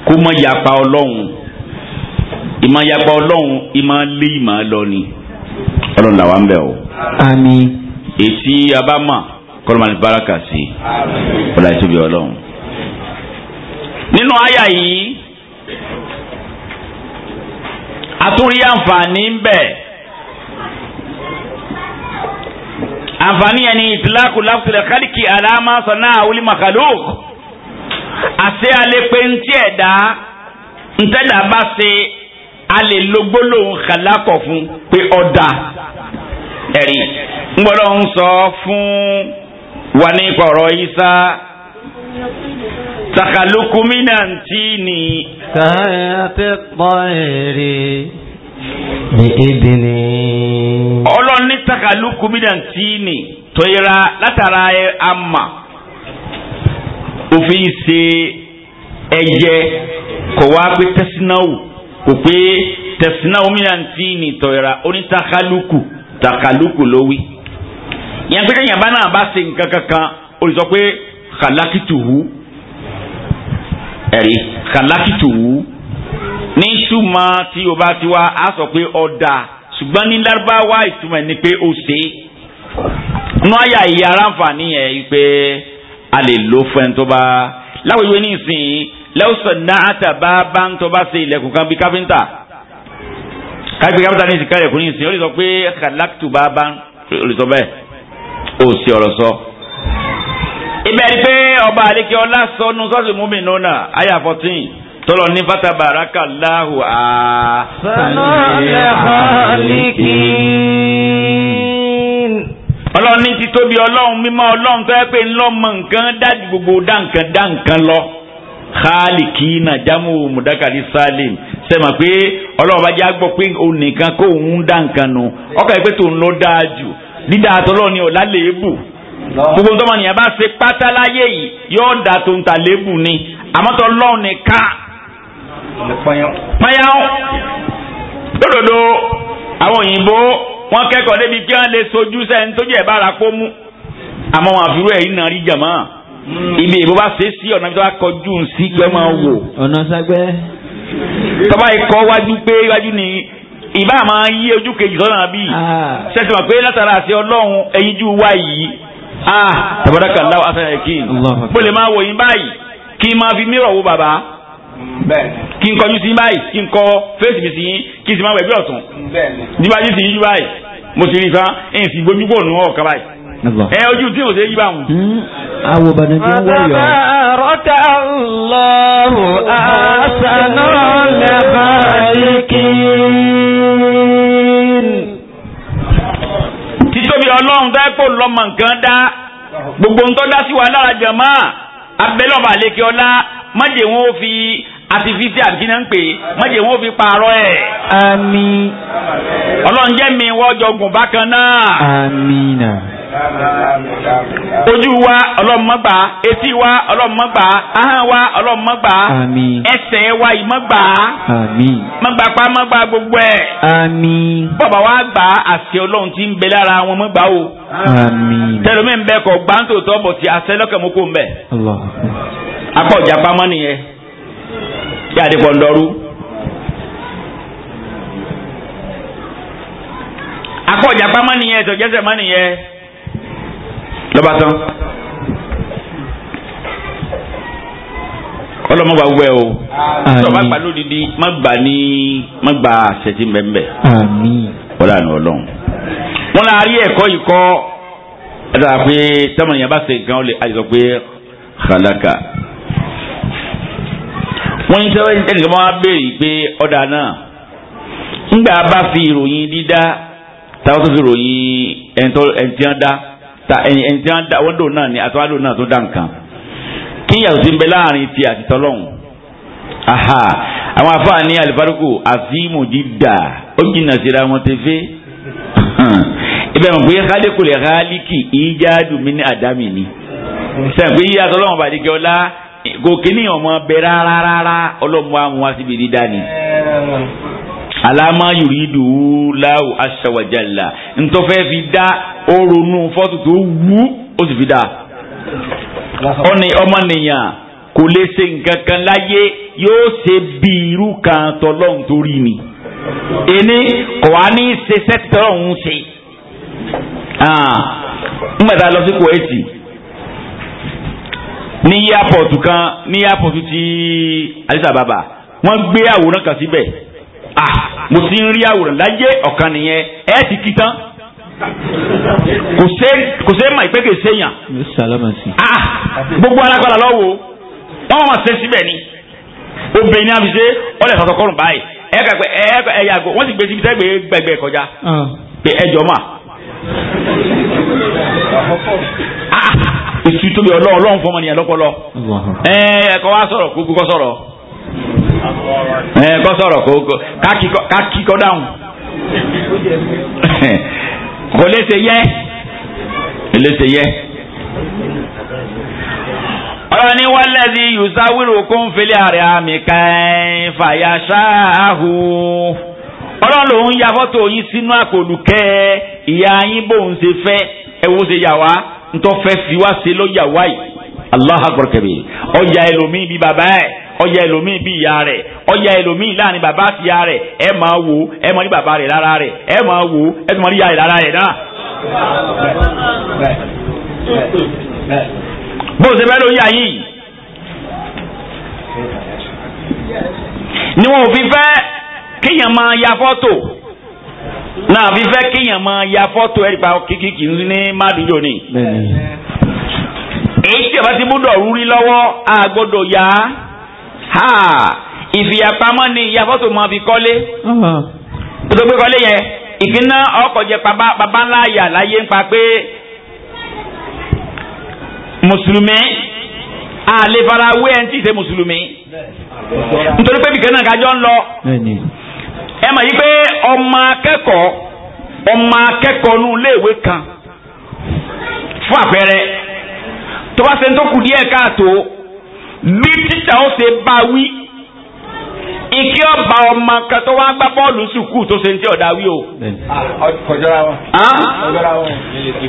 kó má yapa ọlọ́run ìmọ̀ yapa ọlọ́run ìmọ̀ lé ìmọ̀ lọ ni ọlọ́run làwa ń bẹ̀ o. àmín. èsì abámà kọ́lọ́mà ní baraka sí i ọ̀la ìtòbi ọlọ́run. nínú àyà yìí àtúrí àǹfààní ń bẹ. àǹfààní ẹni ìtìlákù lápùtìlẹ̀ kálíkì aláàmásán náà wuli makaluk àṣẹ alẹ́ pé ntí ẹ̀dá ntẹ́dá bá ṣe alẹ́ lógbólóhùn kàlákọ̀ fún pé ọ̀dà ẹ̀rí ńgbọ́dọ̀ ń sọ fún wa ní isa takalukumina ntí ni. kàyàtẹ̀ pọ̀ èrè bi'idni. ọlọ́run ní takaluku bidantini tóyira látara ẹ ama òfin ṣe ẹyẹ kò wá pé tẹsínáwó kò pé tẹsínáwó bidantini tóyira oní takaluku takaluku ló wí. yẹn pé kéèyàn bá náà bá ṣe nǹkan kankan o lè sọ pé kàlákìtù wù ẹ̀rí kàlákìtù wù ní túmọ̀ tí o bá ti wá a sọ pé ọ̀dà ṣùgbọ́n ní lárúbáwá ìtumọ̀ ni pé o ṣe é nú àyà yìí aráǹfààní yẹn pé a lè lò fún ẹni tó bá láwùjọ ní ìsìn lẹ́wọ̀sán náà àtàbá bá ń tó bá ṣe ilẹ̀kùn kan bí káfíńtà káfíńtà káfíńtà ní ìsìnká ilẹ̀kùn ní ìsìn ó lè sọ pé kàlákùtù bá bá ó lè bẹ́ẹ̀ ó sì ọ̀rọ̀ sọ. ibẹ̀ ni pé ọba àdékè ọlá sọnù sọ́ọ̀sì múmi nù náà àyà fourteen tọ́lọ̀ ní fatabaraka láhù á. sanọ́lẹ̀ hàlìkì. ọlọ́run ní ti tóbi ọlọ́run mímọ́ ọlọ́run tó yẹ pé ńlọ́mọ nǹkan dájú gbogbo dáǹkan dáǹkan lọ. hàlìkì náà jámù mùdákàlí salim sẹ́mọ̀ pé ọlọ́run bá jẹ́ àgbọ̀ pé òun nìkan kó òun dáǹkan nù ọkọ̀ yìí pé tòun lọ dáa dídá àtọ́lọ́ ni ọ̀la lèébù gbogbo tọ́mọ nìyẹn bá ṣe pátá láyé yìí yóò dà tó ń ta lébù ni àmọ́tọ́ lọ́ọ̀ nìkan payáwó lódodo àwọn òyìnbó wọ́n kẹ́kọ̀ọ́ débi kí wọ́n lè sojú sẹ́ni tó jẹ́ ìbára kó mú àmọ́ wọn àfiwé yìí nà rí jàmọ́ hmm. ibi ìbò bá ṣe sí ọ̀nà tó bá kọjú sí kí wọ́n máa wò. ọ̀nà sagbẹ́. tọ́ba ikọ̀ wájú pé wájú ni ìbá máa yí ojú kejì sọ́nà bíi ṣẹ́sìn wà pé látara àti ọlọ́run ẹ̀yìn jù wá yìí ah tabaraka Allahu asan ẹ̀kín mo lè máa wò yín báyìí kí n máa fi mírọ̀ wo bàbá kí n kọjú sí báyìí kí n kọ fèsì mi sí yín kí n sì máa wẹ̀ bí ọ̀tún níwájú sí yín báyìí mo sì rí fa ẹ̀ sì gbójú kúrò nù ọ̀kan báyìí ẹ ojú tí mo ṣe yí bá wọn. Hmm? àwọn ọba nàìjíríà ń wáyọ. rọ́tà lọ́hùn àṣànà lẹ́bàáyíkín. títóbi ọlọ́run fẹ́ kó lọ́mọ nǹkan dá gbogbo nǹkan dá sí wa lára jẹ̀mọ́ abẹ́lọ́ba àlékè ọlá mọ́jẹ̀ wọn ò fi àti fífi àbíkínà ń pè mọ́jẹ̀ wo fi pààrọ̀ ẹ̀. àmín. ọlọ́run jẹ́ mi wọ́jọ gùn bákan náà. àmín. ojú wa ọlọ́run má gbà etí wa ọlọ́run má gbà ahọ́n wa ọlọ́run má gbà. ẹsẹ̀ wa yìí má gbà. àmín. má gbà pa má gbà gbogbo ẹ̀. àmín. bàbá wa gbà àti ọlọ́run tí ń bẹ lára wọn má gbà o. àmín. tẹlomi ń bẹ kọ gbàǹtò tọ́ bọ̀ tí a sẹ́lọ́kẹ̀ mú kó ń bẹ̀. Allah. akọ̀ ìjàpá mọ́ nìyẹn tí a ń dọ́rú. akọ̀jà pamọ́ nìyẹn ẹ̀tọ́ jẹ́sẹ̀ mọ́ nìyẹn lọ́ba tán. ọlọmọ gba gbẹ o sọba gba lódìdí má gba ní má gba àṣẹtì mbẹ́mbẹ́ wọ́n àná ọlọ́run wọ́n lọ àárí ẹ̀kọ́ yìí kọ́ ẹ̀ dàgbà pé tẹ́mọ̀ yẹn bá ṣe gan-an ó lè àjọ pé xalaka wọ́n ní sẹ́wọ́n ẹnìkan máa béèrè pé ọ̀dà náà ńgbà bá fi ìròyìn dídá táwọn tó fi ròyìn ẹni tí wọ́n náà ni àtọ́wá dò náà tó dá nǹkan kí yàtọ̀ sí ń bẹ láàrin ti àti tọ́lọ́hún aha àwọn afáà ní alifariku azimu dídá ó jìnnà síra wọn ti fẹ́ ibẹ̀ mọ̀ pé kálíkù lè kálíkì ìjáàdù mi ní àdámì ni sẹ́yìn pé yíyá tọ́lọ́hún bàdí kẹ́ ọ gòkè ní ọmọ bẹ rárá rárá ọlọ́mọ àwọn àṣìbí dídá ni. alama yuridu láwù aṣàwàjàlá ntọ́fẹ́ fi dá oronú fọ́tò tó wú ó sì fi dá. ọmọnìyàn kò lè ṣe nǹkan kan láyé yóò ṣe bí irú kan tọ́lọ́hún tó rí ni. ẹni kò wá ní ṣe sẹ́tì tọ́lọ́hún ṣe. Ah, nígbà tá lọ sí kuwaiti ní airport kan ní airport ti Addis Ababa wọ́n gbé àwòrán kan síbẹ̀ ah mo ti ń rí àwòrán láyé ọ̀kan nìyẹn ẹ ti kí tán kò sé kò sé mà ìpè kè ah gbogbo alágbára lọ́wọ́ wọ́n máa ṣe síbẹ̀ ni obìnrin ní àfisẹ́ ọ̀lẹ̀ sọ̀tọ̀ kọ́rùn báyìí ẹ kà pé ẹ ẹ yàgò wọ́n sì gbé síbi tẹ́gbẹ̀ẹ́ gbẹgbẹ́ kọjá ah. pé ẹ jọ mà. ètù tóbi ọlọ́run ọlọ́run fọmọ nìyẹn lọ́pọlọ ẹ̀ẹ́dẹ̀kọ́ wa sọ̀rọ̀ kókó kọ́ sọ̀rọ̀ ẹ̀ẹ́dẹ̀kọ́ sọ̀rọ̀ kókó kákí kọ́ dáhùn kò léṣe yẹ léṣe yẹ. ọ̀rọ̀ ni wọ́n lẹ́sí yusawiru kó ń fele àrẹ àmì kan fàyàṣà àhùn ọlọ́run lòún ya fọ́tò yín sínú àkòlù kẹ́ ìyá yín bóun ṣe fẹ́ ẹ̀ wọ́n ṣe yà wá ntọ́ fẹ́ fi wá ṣe lọ́yà wáyì allah akbar kabir ọ̀yà ẹlòmíì bíi bàbá ẹ̀ ọ̀yà ẹlòmíì bíi ìyá rẹ̀ ọ̀yà ẹlòmíì láàrin bàbá àti ìyá rẹ̀ ẹ máa wo ẹ máa rí bàbá rẹ̀ lára rẹ̀ ẹ máa wo ẹ tún máa rí ìyá rẹ̀ lára rẹ̀ bó o ṣe fẹ́ lóyà yìí ni wọn ò fi fẹ́ kéèyàn máa ya fọ́tò náà fi fẹ́ kéèyàn máa ya fọ́tò ẹ̀rí pa kìkìkì ní mádùújọ ni. èyí tí a bá ti gbọ́dọ̀ rúrí lọ́wọ́ a yá ha ìfìyàpamọ́ ni ìyá fọ́tò máa fi kọ́lé. tó gbé kọ́lé yẹn ìkíná ọkọ̀ jẹ bàbá ńlá yà láyé ń pa pé mùsùlùmí àlè farawé ẹ̀ ń tì í ṣe mùsùlùmí. nítorí pé bìkan náà kájọ ń lọ ẹ mà yí pé ọmọ akẹ́kọ̀ọ́ ọmọ akẹ́kọ̀ọ́ nù léèwé kan fún àpẹẹrẹ tó bá ṣe ń tó kù díẹ̀ káàtó bí títà ó ṣe bá wí ike ọba ọmọ kan tó wá gbá bọ́ọ̀lù sùkúù tó ṣe ń tẹ́ ọ̀dà wí o.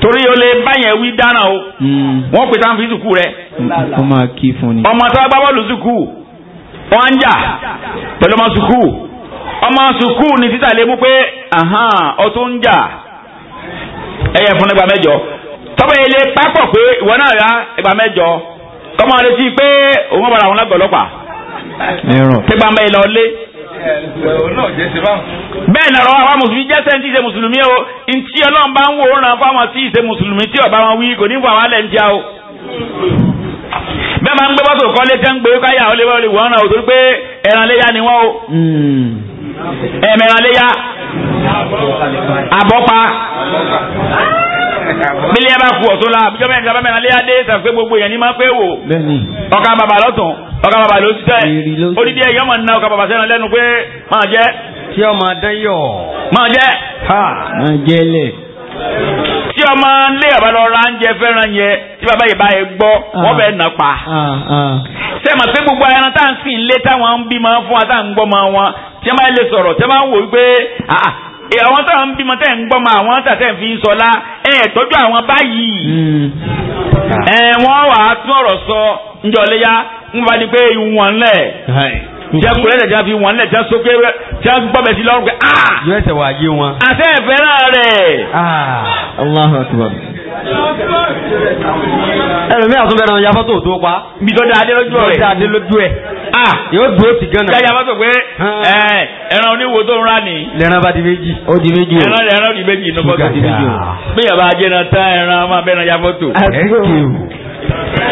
torí o lè báyẹn wí dáná o hmm. wọ́n pè sáà ń fi sùkúù rẹ̀ ọmọ tó wá gbá bọ́ọ̀lù sùkúù wọ́n á ń jà pẹ̀lú ọmọ sùkúù ọmọ sùkúù ní títà lébú pé ọtún ń jà ẹyẹ fún ẹgbàá mẹ́jọ tọ́pọ̀ ilé pápọ̀ pé ìwọ náà yá ẹgbàá mẹ́jọ kọ́mọ retí pé òun ọ̀bàrà àwọn ọlọ́gbọ̀n ọlọ́pàá pípa mẹ́ lọ lé. bẹ́ẹ̀ ni ọ̀rọ̀ àwọn mùsùlùmí jẹ́ sẹ́ńtì ṣe mùsùlùmí o ntí ọlọ́run bá ń wò ó ràn fáwọn tí ṣe mùsùlùmí tí ọba wọn wí kò ní fún àwọn alẹ́ ń já bẹ́ẹ̀ máa ń gbé bọ́tò kọ́lé tẹ́ ń gbé káyà ó lé wọ́n lè wọ́n náà ò torí pé ẹran léyà ni wọ́n o. Hmm ẹ̀mẹ̀raléyà àbọ́pa bílẹ̀ bá kú ọ̀tún la àbújọ́ mẹ́rin sábà mẹ́rin aléyà dé sàfé gbogbo yẹn ní máa pé wò ọkà bàbà lọ́tún ọkà bàbà ló ti tẹ́ odidi ẹ̀yọ́ mọ̀ nínú ọkà bàbà sẹ́nu lẹ́nu pé máa jẹ́. tí ọmọ adáyọ̀. máa jẹ́. ha máa jẹ́ lẹ̀ tí ọmọ ilé ọba lọ ra ń jẹ fẹ́ràn yẹn tí bàbá yìí bá yẹ gbọ́ ah. wọ́n bẹ̀ nà pa. sẹ́mi ah, ah. pé gbogbo ẹran ń sìn lé táwọn ń bí fún wa tá ń gbọ́ máa wọn tí a bá lè sọ̀rọ̀ tí a bá ń wò wípé ah, ah, àwọn táwọn ń bímọ tẹ́ ń gbọ́mọ àwọn tàtẹ́ fi ń sọlá ẹ̀ tọ́jú àwọn báyìí hmm. ẹ̀ wọ́n wà á tún ọ̀rọ̀ sọ ńjọ́léyà ń bá di pé ìwọ̀n ńlẹ̀ jẹkulẹ lẹ jẹbi wọn lẹ sókè jẹ gbọmẹ sí lọ́rùn pé. Ah! yóò ẹsẹ̀ wá yé wọn. àṣẹ náà rẹ̀. Allahu Akbar. ẹlòmí àtúntò ẹran yafọ́tò tó pa. bí lọ́dà adé lójú ẹ̀. lọ́dà ẹ̀. ah yóò dúró ti gánà. jáde àbátò pé ẹ ẹran oníwo tó ń rà ní. lẹ́ran bá di méjì. ó di méjì o. ẹran ẹran di méjì inú bọ́tò. di méjì o. bí yàrá ajé náà tán ẹran náà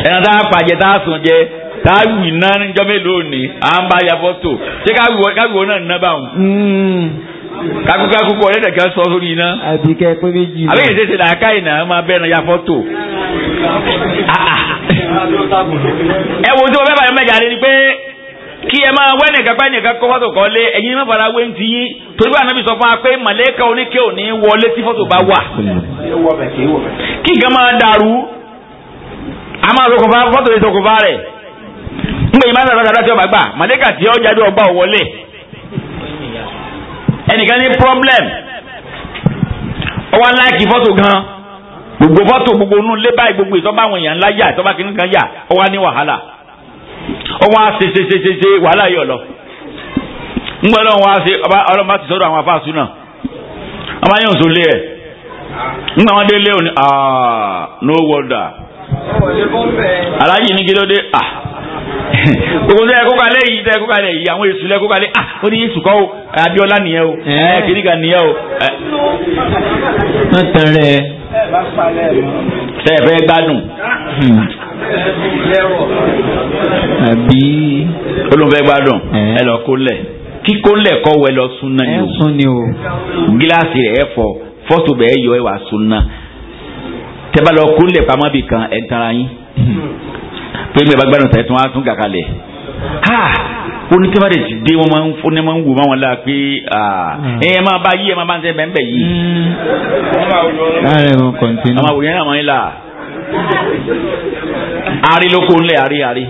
ẹran tá a pàjẹ́ tá a sùn jẹ níjọ́ mélòó ni à ń bá ṣé náà ná kakúkú akúkú ọ̀rẹ́ dẹ̀kẹ́ sọ sórí iná. àbí kẹ́ pé méjì. àbí kẹ́ tètè làákà iná máa bẹ́ẹ̀ ya fọ́tò. ẹ wo tí mo fẹ́ bàyọ̀ mẹ́jà ni pé kí ẹ máa wẹ́ nìkan pẹ́ nìkan kọ́ fọ́tò kan lé ẹ̀yin fara wé ti torí bá anábì sọ fún wa pé tí bá wà. kí a máa sọkùnfà fọ́tò lè sọkùnfà rẹ̀ ń gbẹ̀yìn ọjà ẹnìkan ní problem ó wá láìkì fọ́tò gan gbogbo fọ́tò gbogbo inú ilé báyìí gbogbo ìtọ́ba àwọn èèyàn ńlá yà ìtọ́ba kìnnìkan yà ó wá ní wàhálà ó wá ṣe ṣe ṣe ṣe ṣe wàhálà yọ̀ lọ ńgbọ́n náà wá ṣe ọlọ́mọ ti sọ́dọ̀ àwọn afáàsù náà ọmọ yóò sọ lé ẹ̀ ńgbà wọn dé lé òní ah, no wonder aláyìí ní kí ló dé ah ogun tẹ kó kalẹ̀ yìí tẹ kó kalẹ̀ yìí àwọn èsù lẹ kó kalẹ̀ ah ó ní yéṣù kọ́ o Abíọ́lá nìyẹn o ẹ kìnìkà nìyẹn o. wọ́n tán rẹ̀. ṣe é fẹ́ gbádùn. àbí. olùfẹ́ gbádùn ẹ lọ kó lẹ̀ kíkó lẹ̀ kọ́ wẹ lọ sún náà ni o. ẹ sún ni o. gíláàsì rẹ̀ ẹ fọ fọ́tò bẹ́ẹ̀ yọ ẹ wà sún náà tẹ́bá lọ kó lẹ̀ pamọ́ bìkan ẹ̀ ń tara yín pé mi ò bá gbádùn tẹ̀ tí wọ́n á tún gà kalẹ̀ ha onítẹ̀bàdé ti dé wọ́n máa ń fún ní máa ń wò máa wọn la pé ẹ hmm. ẹ máa bá yí ẹ máa bá ń tẹ bẹ́ẹ̀ bẹ́ẹ̀ yìí. àwọn àwòrán náà máa ń la ari lóko ńlẹ̀ ari ari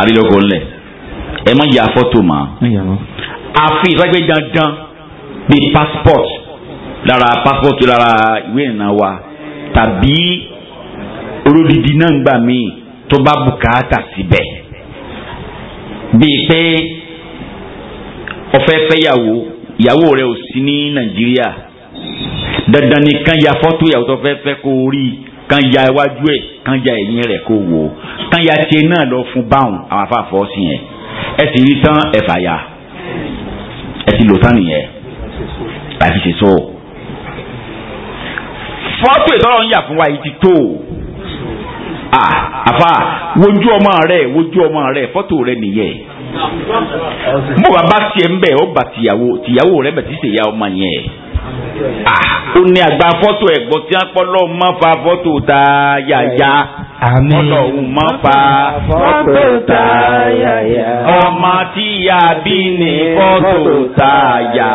ari lóko ńlẹ̀ ẹ má yà fọ́tò mọ́ àfi ìfẹ́gbẹ́ dandan bíi passport lára passport lára ìwé ìrìnnà wa tàbí olódìdí náà ń gbà míì tó bá bùkátà síbẹ̀ bíi pé ọ̀fẹ́ fẹ́yàwó ìyàwó rẹ̀ ò sí ní Nàìjíríà dandan ni kan ya fọ́tò ìyàwó tó fẹ́ fẹ́ kó rí kan ya iwájú ẹ̀ kan ya ẹ̀yìn rẹ̀ kó wò ó kan ya tiẹ̀ náà lọ fún báwọn àwọn afáfọ́ sí yẹn ẹ sì rí tán ẹ fàyà ẹ ti lò tán nìyẹn láti ṣe so. fọ́tò ìtọ́rọ̀ ń yà fún wa yìí ti tó o. Ah, àfa wojú ọmọ rẹ wojú ọmọ rẹ fọ́tò rẹ nìyẹn mo bàbá tiẹ̀ ń bẹ̀ ó bà tìyàwó tìyàwó rẹ bẹ̀ tí tìyà ọmọ yẹn ah, ó ní àgbà fọ́tò ẹ̀gbọ́n tí wọ́n pọ́n lọ́ọ́ máa fa fọ́tò tá a yà ya ọlọ́run máa fa fọ́tò tá a ya ọmọ tí bí ní fọ́tò tá a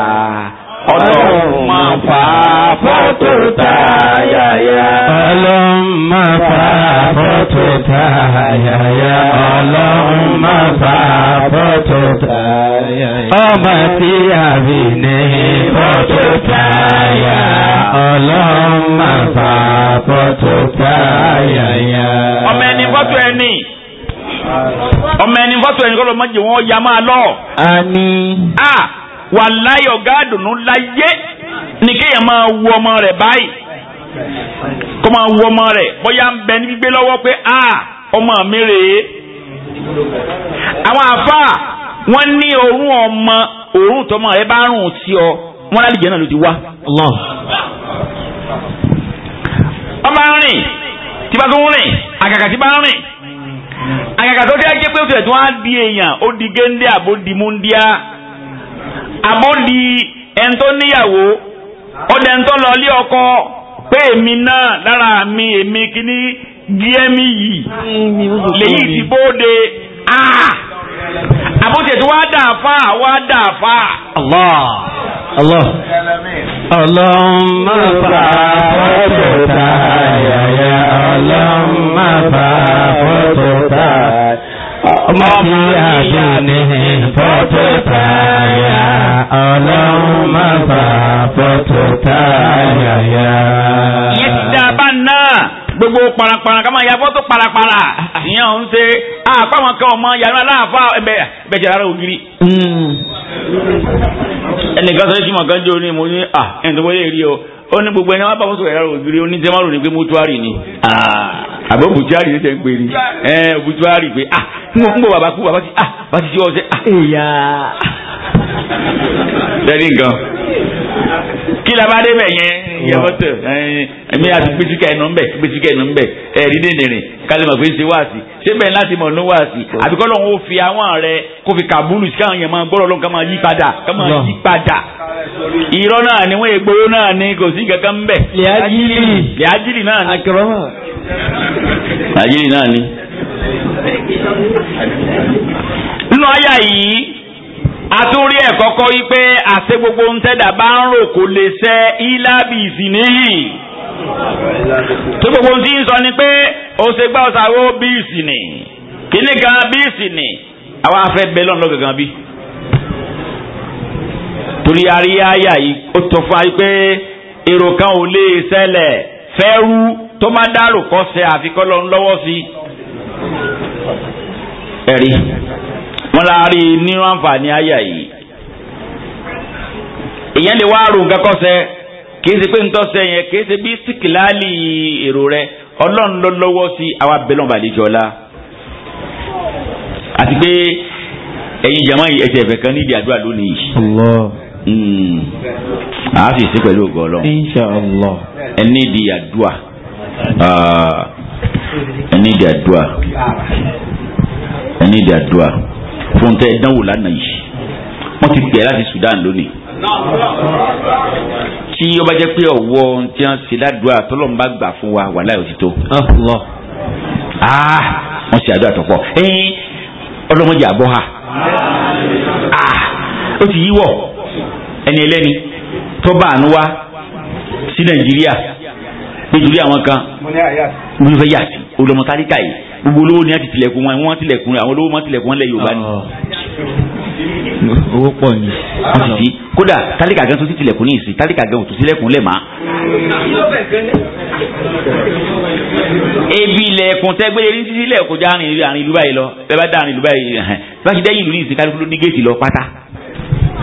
ọlọ́run máa fà á fọ́tò tayaya. ọlọ́run máa fà á fọ́tò tayaya. ọlọ́run máa fà á fọ́tò tayaya. ọmọ tí a bí ní fọ́tò tayaya. ọlọ́run máa fà á fọ́tò ọmọ ẹni fọ́tò ẹni ọmọ ẹni fọ́tò ẹni kọ́ ló mọ̀ ya máa lọ. àmín. a wà láyọ̀ gáàdùnú láyé ní kéèyàn máa wu ọmọ rẹ̀ báyìí kó máa wu ọmọ rẹ̀ bóyá ń bẹ ní gbígbé lọ́wọ́ pé a ọmọ mi rèé àwọn àfáà wọ́n ní òórùn ọmọ òórùn tọmọ rẹ̀ bá rùn sí ọ wọ́n lálẹ́ jẹ́ náà ló ti wá. ọmọ rìn tí bá tún rìn àgàgà tí bá rìn àgàgà tó dé ajé pé ó tẹ̀ tó á di èèyàn ó di géńdé àbó di múndíá. àbódi ẹni tó níyàwó ọdẹ ẹni tó lọ lé ọkọ pé èmi náà lára mi èmi kíní gíẹ́mì yìí lèyí ti bóde ah! àbótẹ̀tù wá dàáfà wá dàáfà. Allah Allah Allahumma fa fọ́tò ta yàyà Allahumma fọ́tò ta. ọmọ tí àjò ní fọ́tò táyà ọlọ́run má bà fọ́tò táyà yá. ìyẹn ti dá gbogbo parapara kama ya fọ́tò parapara ìyẹn ò ń ṣe àpamọ́ kan ọmọ yàrá aláàfáà ẹ̀bẹ̀ bẹ̀jẹ̀ rárá ògiri hmm. ẹnìkan sọ èsì mọ̀gánjọ́ ni mo ní à ẹni tó wọlé rí o ó ní gbogbo ẹni wọn bá wọn sọ̀rọ̀ ẹ̀rọ ògiri oní tẹ́ pé mọ́túárì ni ah, àbẹ̀ òbútúárì ní tẹ́ ń pè ní ẹ̀ pé ah ń bọ̀ bàbá kú bàbá ti ah bàbá ti ṣe ọ̀sẹ̀ ah. ẹ̀yà. sẹ́ni nǹkan kí la bá dé bẹ̀ yẹn yẹmọ́tò ẹ̀mí àti gbèsìkà ẹ̀nà ń bẹ̀ gbèsìkà ẹ̀nà ń bẹ̀ ẹ̀rí dènìrìn kálímọ̀ pé ń ṣe wáàsí ṣé bẹ́ẹ̀ láti mọ̀ ní wáàsí àbíkọ́ lọ́n ó fi àwọn rẹ̀ kó fi kàbúlù sí káwọn yẹn máa gbọ́dọ̀ lọ́n ká máa yí padà ká máa yí padà irọ́ náà ni wọ́n ègbóró náà ni kò sí kankan bẹ̀. lẹ́ájílì náà ni. lẹ́ájílì náà ni. nínú àyà yìí àtúrí ẹ̀ kọ́kọ́ wípé àṣẹ gbogbo ń tẹ́dà bá ń rò kò lè ṣẹ ìlàbì ìsìnìyìn tó gbogbo ń tí ń sọ ni pé ó ṣe gbá ọ̀sàwó bí ìsìnì kíní kan bí ìsìnì àwa afẹ́ bẹ́ẹ̀ lọ́nà lọ́gàn kan bí. torí aríyáyà yìí ó tọ́ fún wa pé èrò kan ò lè ṣẹlẹ̀ fẹ́rú tó máa dárò kọ́ ṣe àfikọ́ lọ́wọ́ sí i wọ́n la rí i nínú àǹfààní àyà yìí. ìyẹn lè wá rò nǹkan kọ́sẹ́ kì í ṣe pé ntọ́sẹ̀ yẹn kì í ṣe bí síkìláàlì èrò rẹ ọlọ́run ló lọ́wọ́ sí àwa bẹ́lọ́n bàlejò ọ̀la. àti pé ẹ̀yin jàmá yìí ẹ̀jẹ̀ ẹ̀fẹ̀ kan nídìí àdúrà lónìí. Hmm. a sì sí pẹ̀lú ògo ọlọ́run. Inshallah. ẹ nídìí àdúrà ah. ẹ nídìí àdúrà ẹ nídìí fún tẹ dánwò lánàá yìí wọ́n ti pè é láti Sudan lónìí tí ó bá jẹ́ pé ọ̀wọ́ tí wọ́n ṣe ládùúgbà tọ́lọ́mù bá gbà fún wa wàhálà yóò ti tó. Ah, wọ́n ṣe àdúrà tó pọ̀ ẹ̀yin ọlọ́mọdé àbọ̀ ha ah, ó ti yíwọ̀ ẹni ẹlẹ́ni tó bá àánú wá sí Nàìjíríà nítorí àwọn kan mo fẹ́ yà sí olùmọ̀tálíkà yìí gbogbo olówó ni a ti tilẹ̀kùn wọn wọn tilẹ̀kùn àwọn olówó wọn tilẹ̀kùn wọn lẹ̀ Yorùbá ni. owó pọ̀ ni. àti kódà tálíkà gan tó ti tilẹ̀kùn ní ìsìn tálíkà gan ò tó tilẹ̀kùn lẹ̀ mọ́. ebi ilẹ̀kùn tẹ́ gbélé ní títí lẹ̀ kọjá àrìn ìlú báyìí lọ bẹ́ẹ̀ bá dá àrìn ìlú báyìí hàn bá ti dẹ́yìn ìlú ní ìsìn kálukú ló ní géètì lọ pátá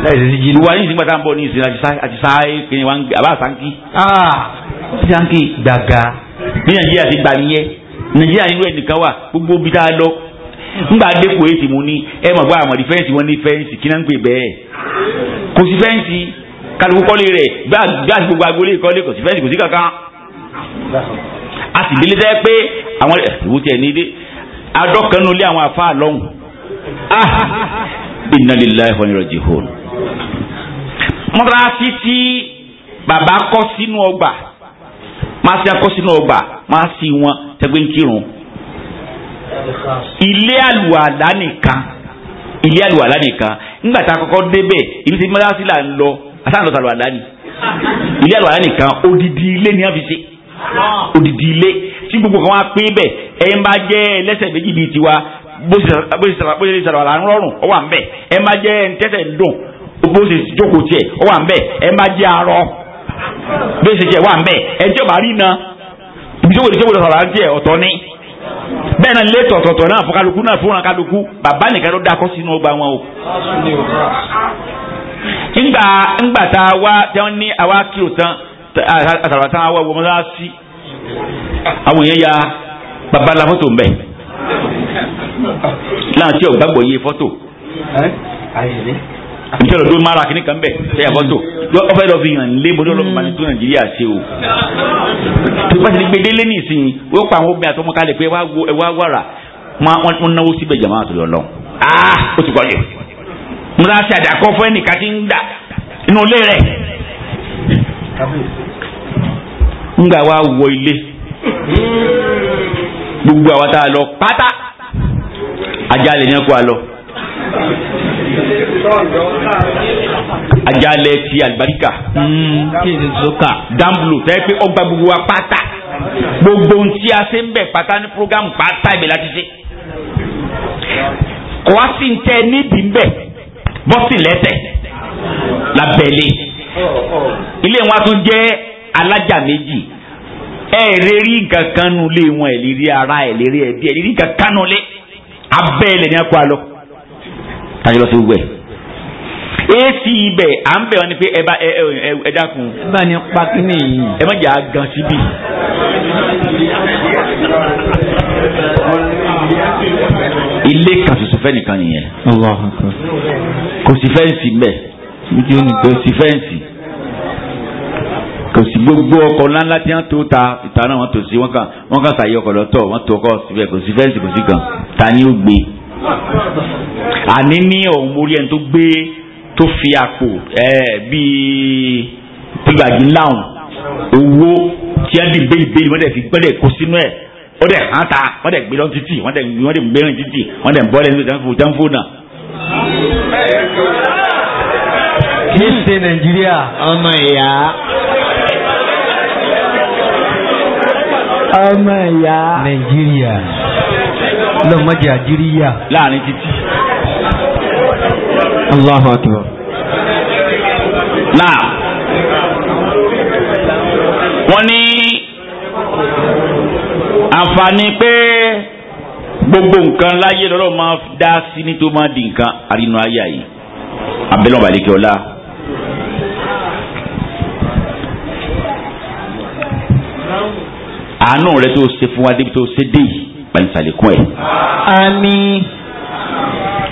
wa ní ìsìnkú àtàwọn bọ̀ ní ìsìn àti sáyé kìnìún àbá sanki. Ah! sanki gbàgà. ní nàìjíríà ti gbà nìyẹn nàìjíríà yìí wẹ̀ nìkan wà gbogbo bí tá a lọ ngba adeko eti mu ni ẹ ma gba amadi fẹ́ǹsì wọn ni fẹ́ǹsì kí náà ń pè bẹ́ẹ̀ kò sí fẹ́ǹsì kálukú kọ́lé rẹ̀ gbáà gbogbo agboolé kọ́lé kò sí fẹ́ǹsì kò sí kankan a sì délé sẹ́ pé àwọn ìwú tiẹ̀ ní dé adọ́kanu lé àwọn afá lọ́hùn ah inna lillahi wa inna ilaihi raji'un mọ́tàlá sí tí bàbá kọ́ sínú ọgbà máa sí akọ́sínú ọgbà máa sí wọn tẹ́gbẹ́ ń kírun. ilé àlùwàlá nìkan ilé àlùwàlá nìkan nígbà tá a kọ́kọ́ débẹ̀ ibi tí mọ́lá sí là ń lọ àtàwọn lọ́sàlù àlá ni ilé àlùwàlá nìkan odidi ilé ni a fi ṣe odidi ilé tí gbogbo kan wá pé bẹ́ẹ̀ ẹ̀ ń bá jẹ́ ẹlẹ́sẹ̀ méjì bíi tiwa bó ṣe sàrọ̀ àlá ń rọrùn ọ wà ń bẹ̀ ẹ̀ ń bá jẹ́ ẹ̀ ń tẹ́sẹ̀ dùn bó ṣe jókòó tiẹ̀ ọ wà ń bẹ̀ ẹ̀ ń bá jẹ́ arọ bí ó ṣe jẹ́ wà ń bẹ̀ ẹ̀ tí ó bá rí na ibi tí ó wòlé tí ó wòlé sọ̀rọ̀ àjẹ́ ọ̀tọ̀ ni bẹ́ẹ̀ náà lé tọ̀tọ̀tọ̀ náà fún kálukú náà fún kálukú bàbá nìkan ló dákọ́ sínú ọgbà wọn o. ńgbà ńgbà tá a wá tí wọ́n ní àwa kírò tán àtàrà tán àwa wọ́n máa sí àwọn èèyàn ya bàbá la fọ́tò mbẹ́ láti ọ̀gbàgbọ́ yé fọ́tò ibi tí mara kìíní kan bẹ̀ ṣẹyà fọ́tò ọfẹ́ lọ fi hàn lé bọ́dọ̀ ọlọ́pàá ní tó nàìjíríà ṣe o. tó bá ti di gbedele ní ìsìn wọ́n pa àwọn obìnrin àtọmọ kalẹ̀ pé ẹ wá wàrà wọ́n náwó síbẹ̀ jàmáà àtòlù ọlọ́run. aa ah, ó ti kọ́lé mo náà ṣe àdàkọ fún ẹnìkan tí ń dà inú ilé rẹ̀. ńgbà wa wọ ilé gbogbo àwọn tá a lọ pátá ajá lè ní ẹkọ àlọ ajalẹ ti alibarika hmm, dambulo tẹ pé ọgbà gbogbo wa pátá gbogbo ntí a ṣe ń bẹ pátá ní programu pátá ibẹ̀ láti ṣe kọ́sí ntẹ níbi ń bẹ bọ́sì lẹ́tẹ̀ labẹ́lẹ̀ ilé wa tún jẹ́ alájà méjì ẹ rírí kankan nulẹ̀ wọn ẹ̀ lérí ara ẹ̀ lérí ẹ̀ bí ẹ̀ rírí kankan nulẹ̀ abẹ́ ẹ̀ lẹ́ni ẹ̀kọ́ àlọ́ tàbí lọ sí wẹ̀ èsì ibẹ̀ à ń bẹ̀ wọn ni pé ẹ bá ẹ ẹ ẹ dákun. ẹ bá ní pakínì yìí. ẹ má jà á gan síbí. ilé kan ṣoṣo fẹ́ nìkan nìyẹn. kò sí fẹ́ǹsì mbẹ̀ kò sí fẹ́ǹsì kò sí gbogbo ọkọ̀ ńláńlá tí wọ́n tó ta ìta náà wọ́n tò sí wọ́n kà wọ́n kà sàyè ọkọ̀ lọ́tọ̀ wọ́n tó ọkọ̀ síbẹ̀ kò sí fẹ́ǹsì kò sí kan ta ni ó gbé àní ní ọ̀hún mórí ẹni tó gbé tó fi àpò bíi pígbàgì láwùn owó tí ẹ bí bẹ́ẹ̀ bẹ́ẹ̀ wọ́n dẹ̀ fi gbọ́dẹ̀ kó sínú ẹ̀ wọ́n dẹ̀ hàn ta wọ́n dẹ̀ gbé lọ́n títì wọ́n dẹ̀ wọ́n dẹ̀ gbẹ́rìn títì wọ́n dẹ̀ bọ́ lẹ́nu ìdánfò ìdánfò náà. kì í ṣe nàìjíríà ọmọ ìyá. ọmọ ìyá. nàìjíríà lọ́mọdé àjíríyà. láàrin títí. Allahu akbar. náà wọ́n ní àǹfààní pé gbogbo nǹkan láyé lọ́rọ̀ máa dá sí ní tó máa di nǹkan àrínú ayé yìí abẹ́lẹ́ ọ̀bàlẹ́kẹ́ ọ̀la. àánú rẹ tó ṣe fún wa débi tó ṣe dé yìí bá ń ṣàlékún ẹ̀. àmín.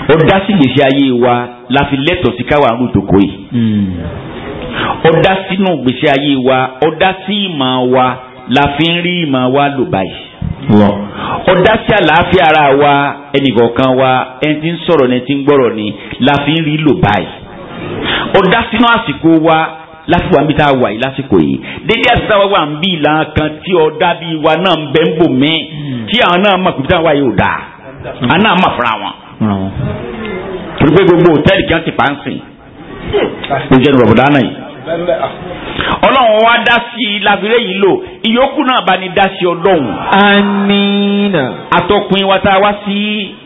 ó dá sí ìgbésí ayé wa la fi lẹ́tọ̀ọ́ sí káwa àrùn ìdókòó yìí. Hmm. ó dá sínú ìgbésí ayé wa ó dá sí ìmọ̀ wa la fi ń rí ìmọ̀ wa lò báyìí. ó dá sí àlàáfíà ara wa ẹnìkọ̀ọ̀kan wa ẹni tí ń sọ̀rọ̀ ni ẹni ń gbọ́rọ̀ ni la fi ń rí lò báyìí. ó dá sínú àsìkò wa láti wà níbi tá a wà yìí lásìkò yìí dédé àtúntà wa wà ń bí ìlànà kan tí ọ̀dà bí wa náà ń bẹ ń bò mí tí àwọn náà mọ̀ pípẹ́ wa yóò dáa àwọn náà mọ̀ fúnra wọn. torí pé gbogbo hòtẹ́ẹ̀lì kan ti pa ń sìn ló jẹ́ rọ̀bùdá náà yìí. ọlọ́run wa dá sí i lábẹ́rẹ́ yìí lò ìyókù náà bá ní dá sí ọlọ́run. àmín. àtọkùn wa tá a wá sí i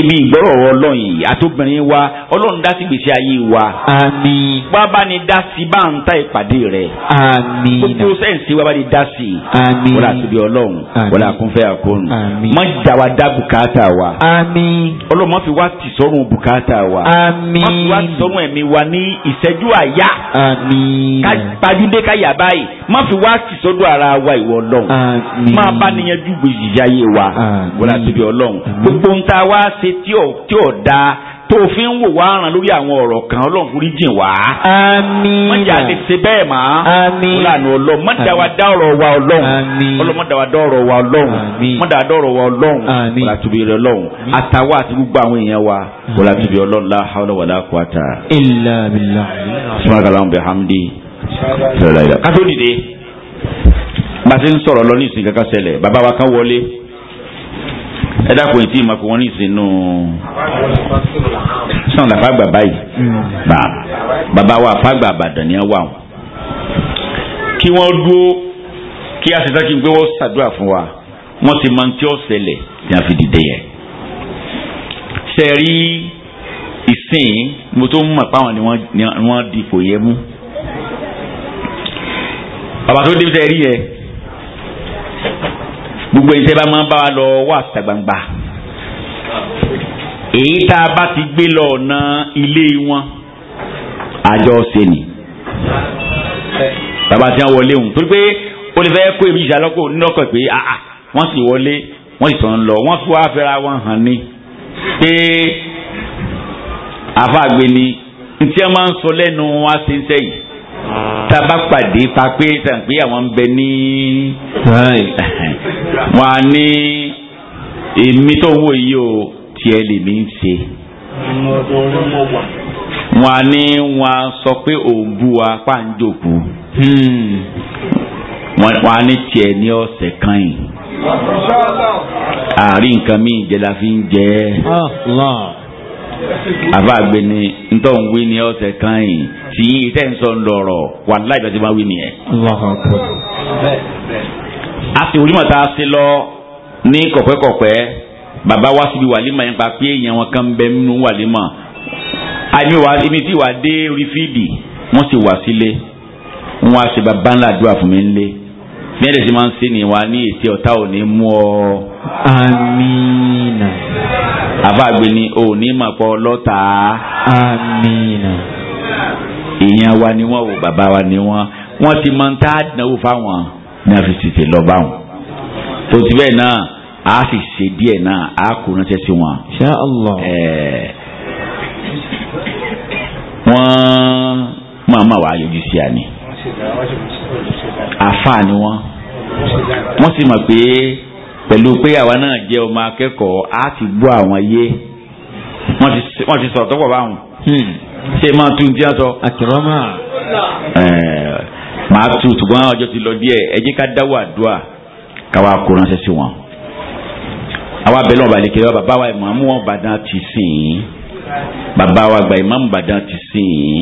ibi ìgbọ́rọ̀ ọlọ́run àtòbìnrin wa ọlọ́run dá sí gbèsè ayé wa. àmín. wá bá dá sí bá ń ta ìpàdé rẹ. àmín. gbogbo sẹ́ǹsì wá bá dá sí. àmín. wọ́n àti ọlọ́run wọ́n àkúnfẹ́ àkóhùn. àmín. má jà wá dá bùkátà wa. àmín. ọlọ́run má fi wá tì sọ́run bùkátà wa. àmín. má fi wá tì sọ́run ẹ̀mí wa ní ìṣẹ́jú àyà. àmín. ká gbajúdé ká yà báyìí má fi wá tì sọ́dọ̀ ara wa ìwọ ọlọ́run. àmín. má bá ṣe tí ò tí ò da tó fi ń wò wá ràn lórí àwọn ọ̀rọ̀ kan ọlọ́run orí jìn wá. àmín má lè ṣe bẹ́ẹ̀ mọ́. àmín ìlànà ọlọ́run má dá ọ̀rọ̀ wa ọlọ́run. àmín ọlọ́run dá ọ̀rọ̀ wa ọlọ́run. àmín má dá ọ̀rọ̀ wa ọlọ́run. àmín kò látúbi rẹ ọlọ́run. àtàwọn àti gbogbo àwọn èèyàn wa kò látúbi ọlọ́run la hawla wala quwata. illa lọ ní ẹ dákun etí ìmọ̀ kò wọ́n ní ìsinú sàn làfà bàbá yìí bàbá wa àfàgbà àbàdàn ni wà wọn. kí wọ́n dúró kí a sì dákì pé wọ́n ṣàdúrà fún wa wọ́n ti máa ń tí ó ṣẹlẹ̀ tí a fi dìde yẹn. ṣe rí ìsìn mo tó ń mọ̀ páwọn ni wọ́n di kò yẹ mú. bàbá tó débi tẹ́ rí gbogbo ìṣe bá máa bá wa lọ wà sàgbàǹgbà èyí tá a bá ti gbé lọ ọ̀nà ilé wọn àjọ ṣe ni bàbá tí wọn wọlé òun torí pé ó lè fẹ́ kó èmi ìṣá lọ́kọ̀ nílọ́kọ̀ pé àà wọ́n sì wọlé wọ́n sì tàn lọ wọ́n fi wá fẹ́ra wọn hàn ni pé àfàgbé ni ntí a máa ń sọ lẹ́nu wá sí sẹ́yìn tába pàdé papé tàbí àwọn ń bẹ ní wọn á ní èmi tó wò yìí o tiẹ̀ lèmi ń ṣe wọn á ní wọn sọ pé òun bú wa pàǹjòkú hmm. wọn á ní tiẹ̀ ní ọ̀sẹ̀ kan yìí àárín nǹkan mi ìjẹ́ la fi ń jẹ́. Ah, àfàgbé ni ntọ́ ń wí ní ọ̀sẹ̀ kan yìí tí ìtẹ́ ń sọ ń lọ̀rọ̀ wà láì bẹ́ẹ̀ tí wọ́n wí nìyẹn. a sì orí mọ̀ta sí lọ ní kọ̀pẹ́kọ̀pẹ́ bàbá wá síbi wàlímà yẹn pa pé èèyàn wọn kan bẹ nínú wàlímà àmì tí wàá dé orí fídì wọ́n sì wá sílé wọ́n á ṣe bàbá ńlá àdúrà fún mi ńlé bí ẹ̀dẹ̀ sì máa ń ṣe nìyẹn wá ní ètí ọ̀tá ò ní mú amina. àbáàgbé ni o ní màpọ̀ lọ́tà amina. ìyẹn wa ni wọ́n wò bàbá wa ni wọ́n wọ́n ti máa ń tá àdánwò fáwọn ní àfi tètè wọn. tó ti bẹ́ẹ̀ náà a sì ṣe díẹ̀ náà a kò ránṣẹ́ sí wọn. Allah. ẹ̀ẹ́ wọ́n máa máa wàá yọjú sí àná àfa ni wọ́n wọ́n sì mọ̀ pé pẹ̀lú pé àwa náà jẹ́ ọmọ akẹ́kọ̀ọ́ á ti gbọ́ àwọn yé wọ́n ti sọ̀rọ̀ tọ́pọ̀ báwọn hmm. ṣé máa tún tí a sọ. àtìrọ́mà. màá tu ṣùgbọ́n ọjọ́ ti lọ díẹ̀ ẹ jẹ́ ká dáwọ́ àdúrà káwa kó ránṣẹ́ sí wọn. àwa abẹ́lẹ́ ọba àlekèrè wa bàbá wa ìmọ̀ọ́mú wọn bàdàn ti sìn bàbá wa gba ìmọ̀ọ́mú bàdàn ti sìn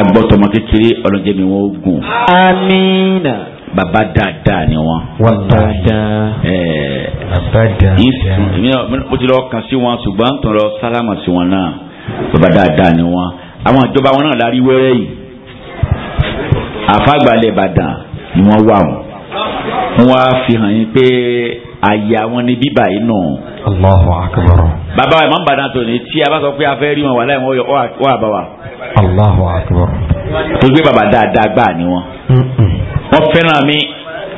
agbọ́tọ̀mọ kékeré ọlọ́jẹ́ mi wọ́n gùn. amiina baba dáadáa ni wọn. dáadáa. ẹẹ baba dáadáa. mo ti lọ kàn sí wọn ṣùgbọ́n tó lọ sálámà sí wọn náà baba dáadáa ni wọn. àwọn ìjọba wọn náà lárí wẹ́rẹ́ yìí. àfàgbàlẹ̀ ìbàdàn ni wọ́n wà wọn. wọ́n wá fi hàn yín pé àyà wọn ni bíbà yìí nù. Allahu akbar. Baba, wa ìmọ̀ nbàdàn tó ní tí a bá sọ pé a fẹ́ rí wọn wà láì wà bá wa. Allahu akbar. tó gbé baba dáadáa gbà ni wọn wọ́n fẹ́ràn mi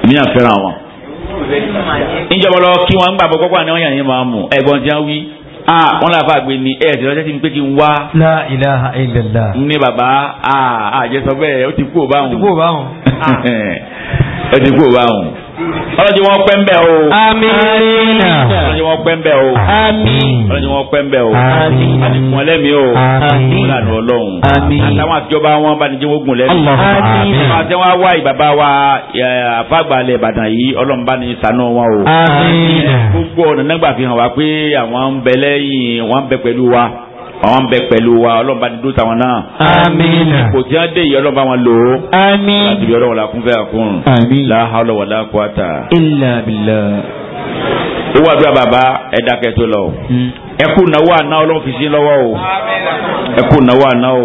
èmi náà fẹ́ràn wọn. níjọba lọ kí wọn gbà bọ́ kọ́kọ́ àná wọn yàn yín máa mú ẹ̀gbọ́n tí wọ́n wí wọn làá fà gbé mi ẹ̀ ẹ̀sìn lọ́jọ́ tí mi pé kí n wá. la ilaha illallah. ní bàbá àjẹsọ bẹ́ẹ̀ ó ti kú ò báwọn. ó ti kú ò báwọn. ó ti kú ò báwọn ọlọ́jọ́ wọn pẹ́ ń bẹ̀ o. àmín. ọlọ́jọ́ wọn pẹ́ ń bẹ̀ o. àmín. ọlọ́jọ́ wọn pẹ́ ń bẹ̀ o. àmín. àdìkún ọlẹ́mi o. àmín. ọlọ́run ọlọ́run. àmín. àtàwọn àfijọba wọn bá ní jẹ́ ogun lẹ́nu. àmín. àti wọn wá ìbàbá wa àfàgbàlẹ̀ ìbàdàn yìí ọlọ́run bá ní ṣàánú wọn o. àmín. gbogbo ọ̀nà nígbà fi hàn wá pé àwọn ń bẹ lẹ́yìn wọn ń bẹ pẹ̀lú wa àwọn bẹ pẹ̀lú wa ọlọ́ba dúdú táwọn náà. amiina. kò tí a dé yìí ọlọ́ba wọn lò ami. láti bí la kún fẹ́ àkún. ami. la hawla wala quwata. illa billah. ó wà dúró bàbá ẹ̀dá kẹtó lọ. Hmm. ẹ kú náwó àná ọlọ́run fi sí lọ́wọ́ o. ẹ kú náwó àná o.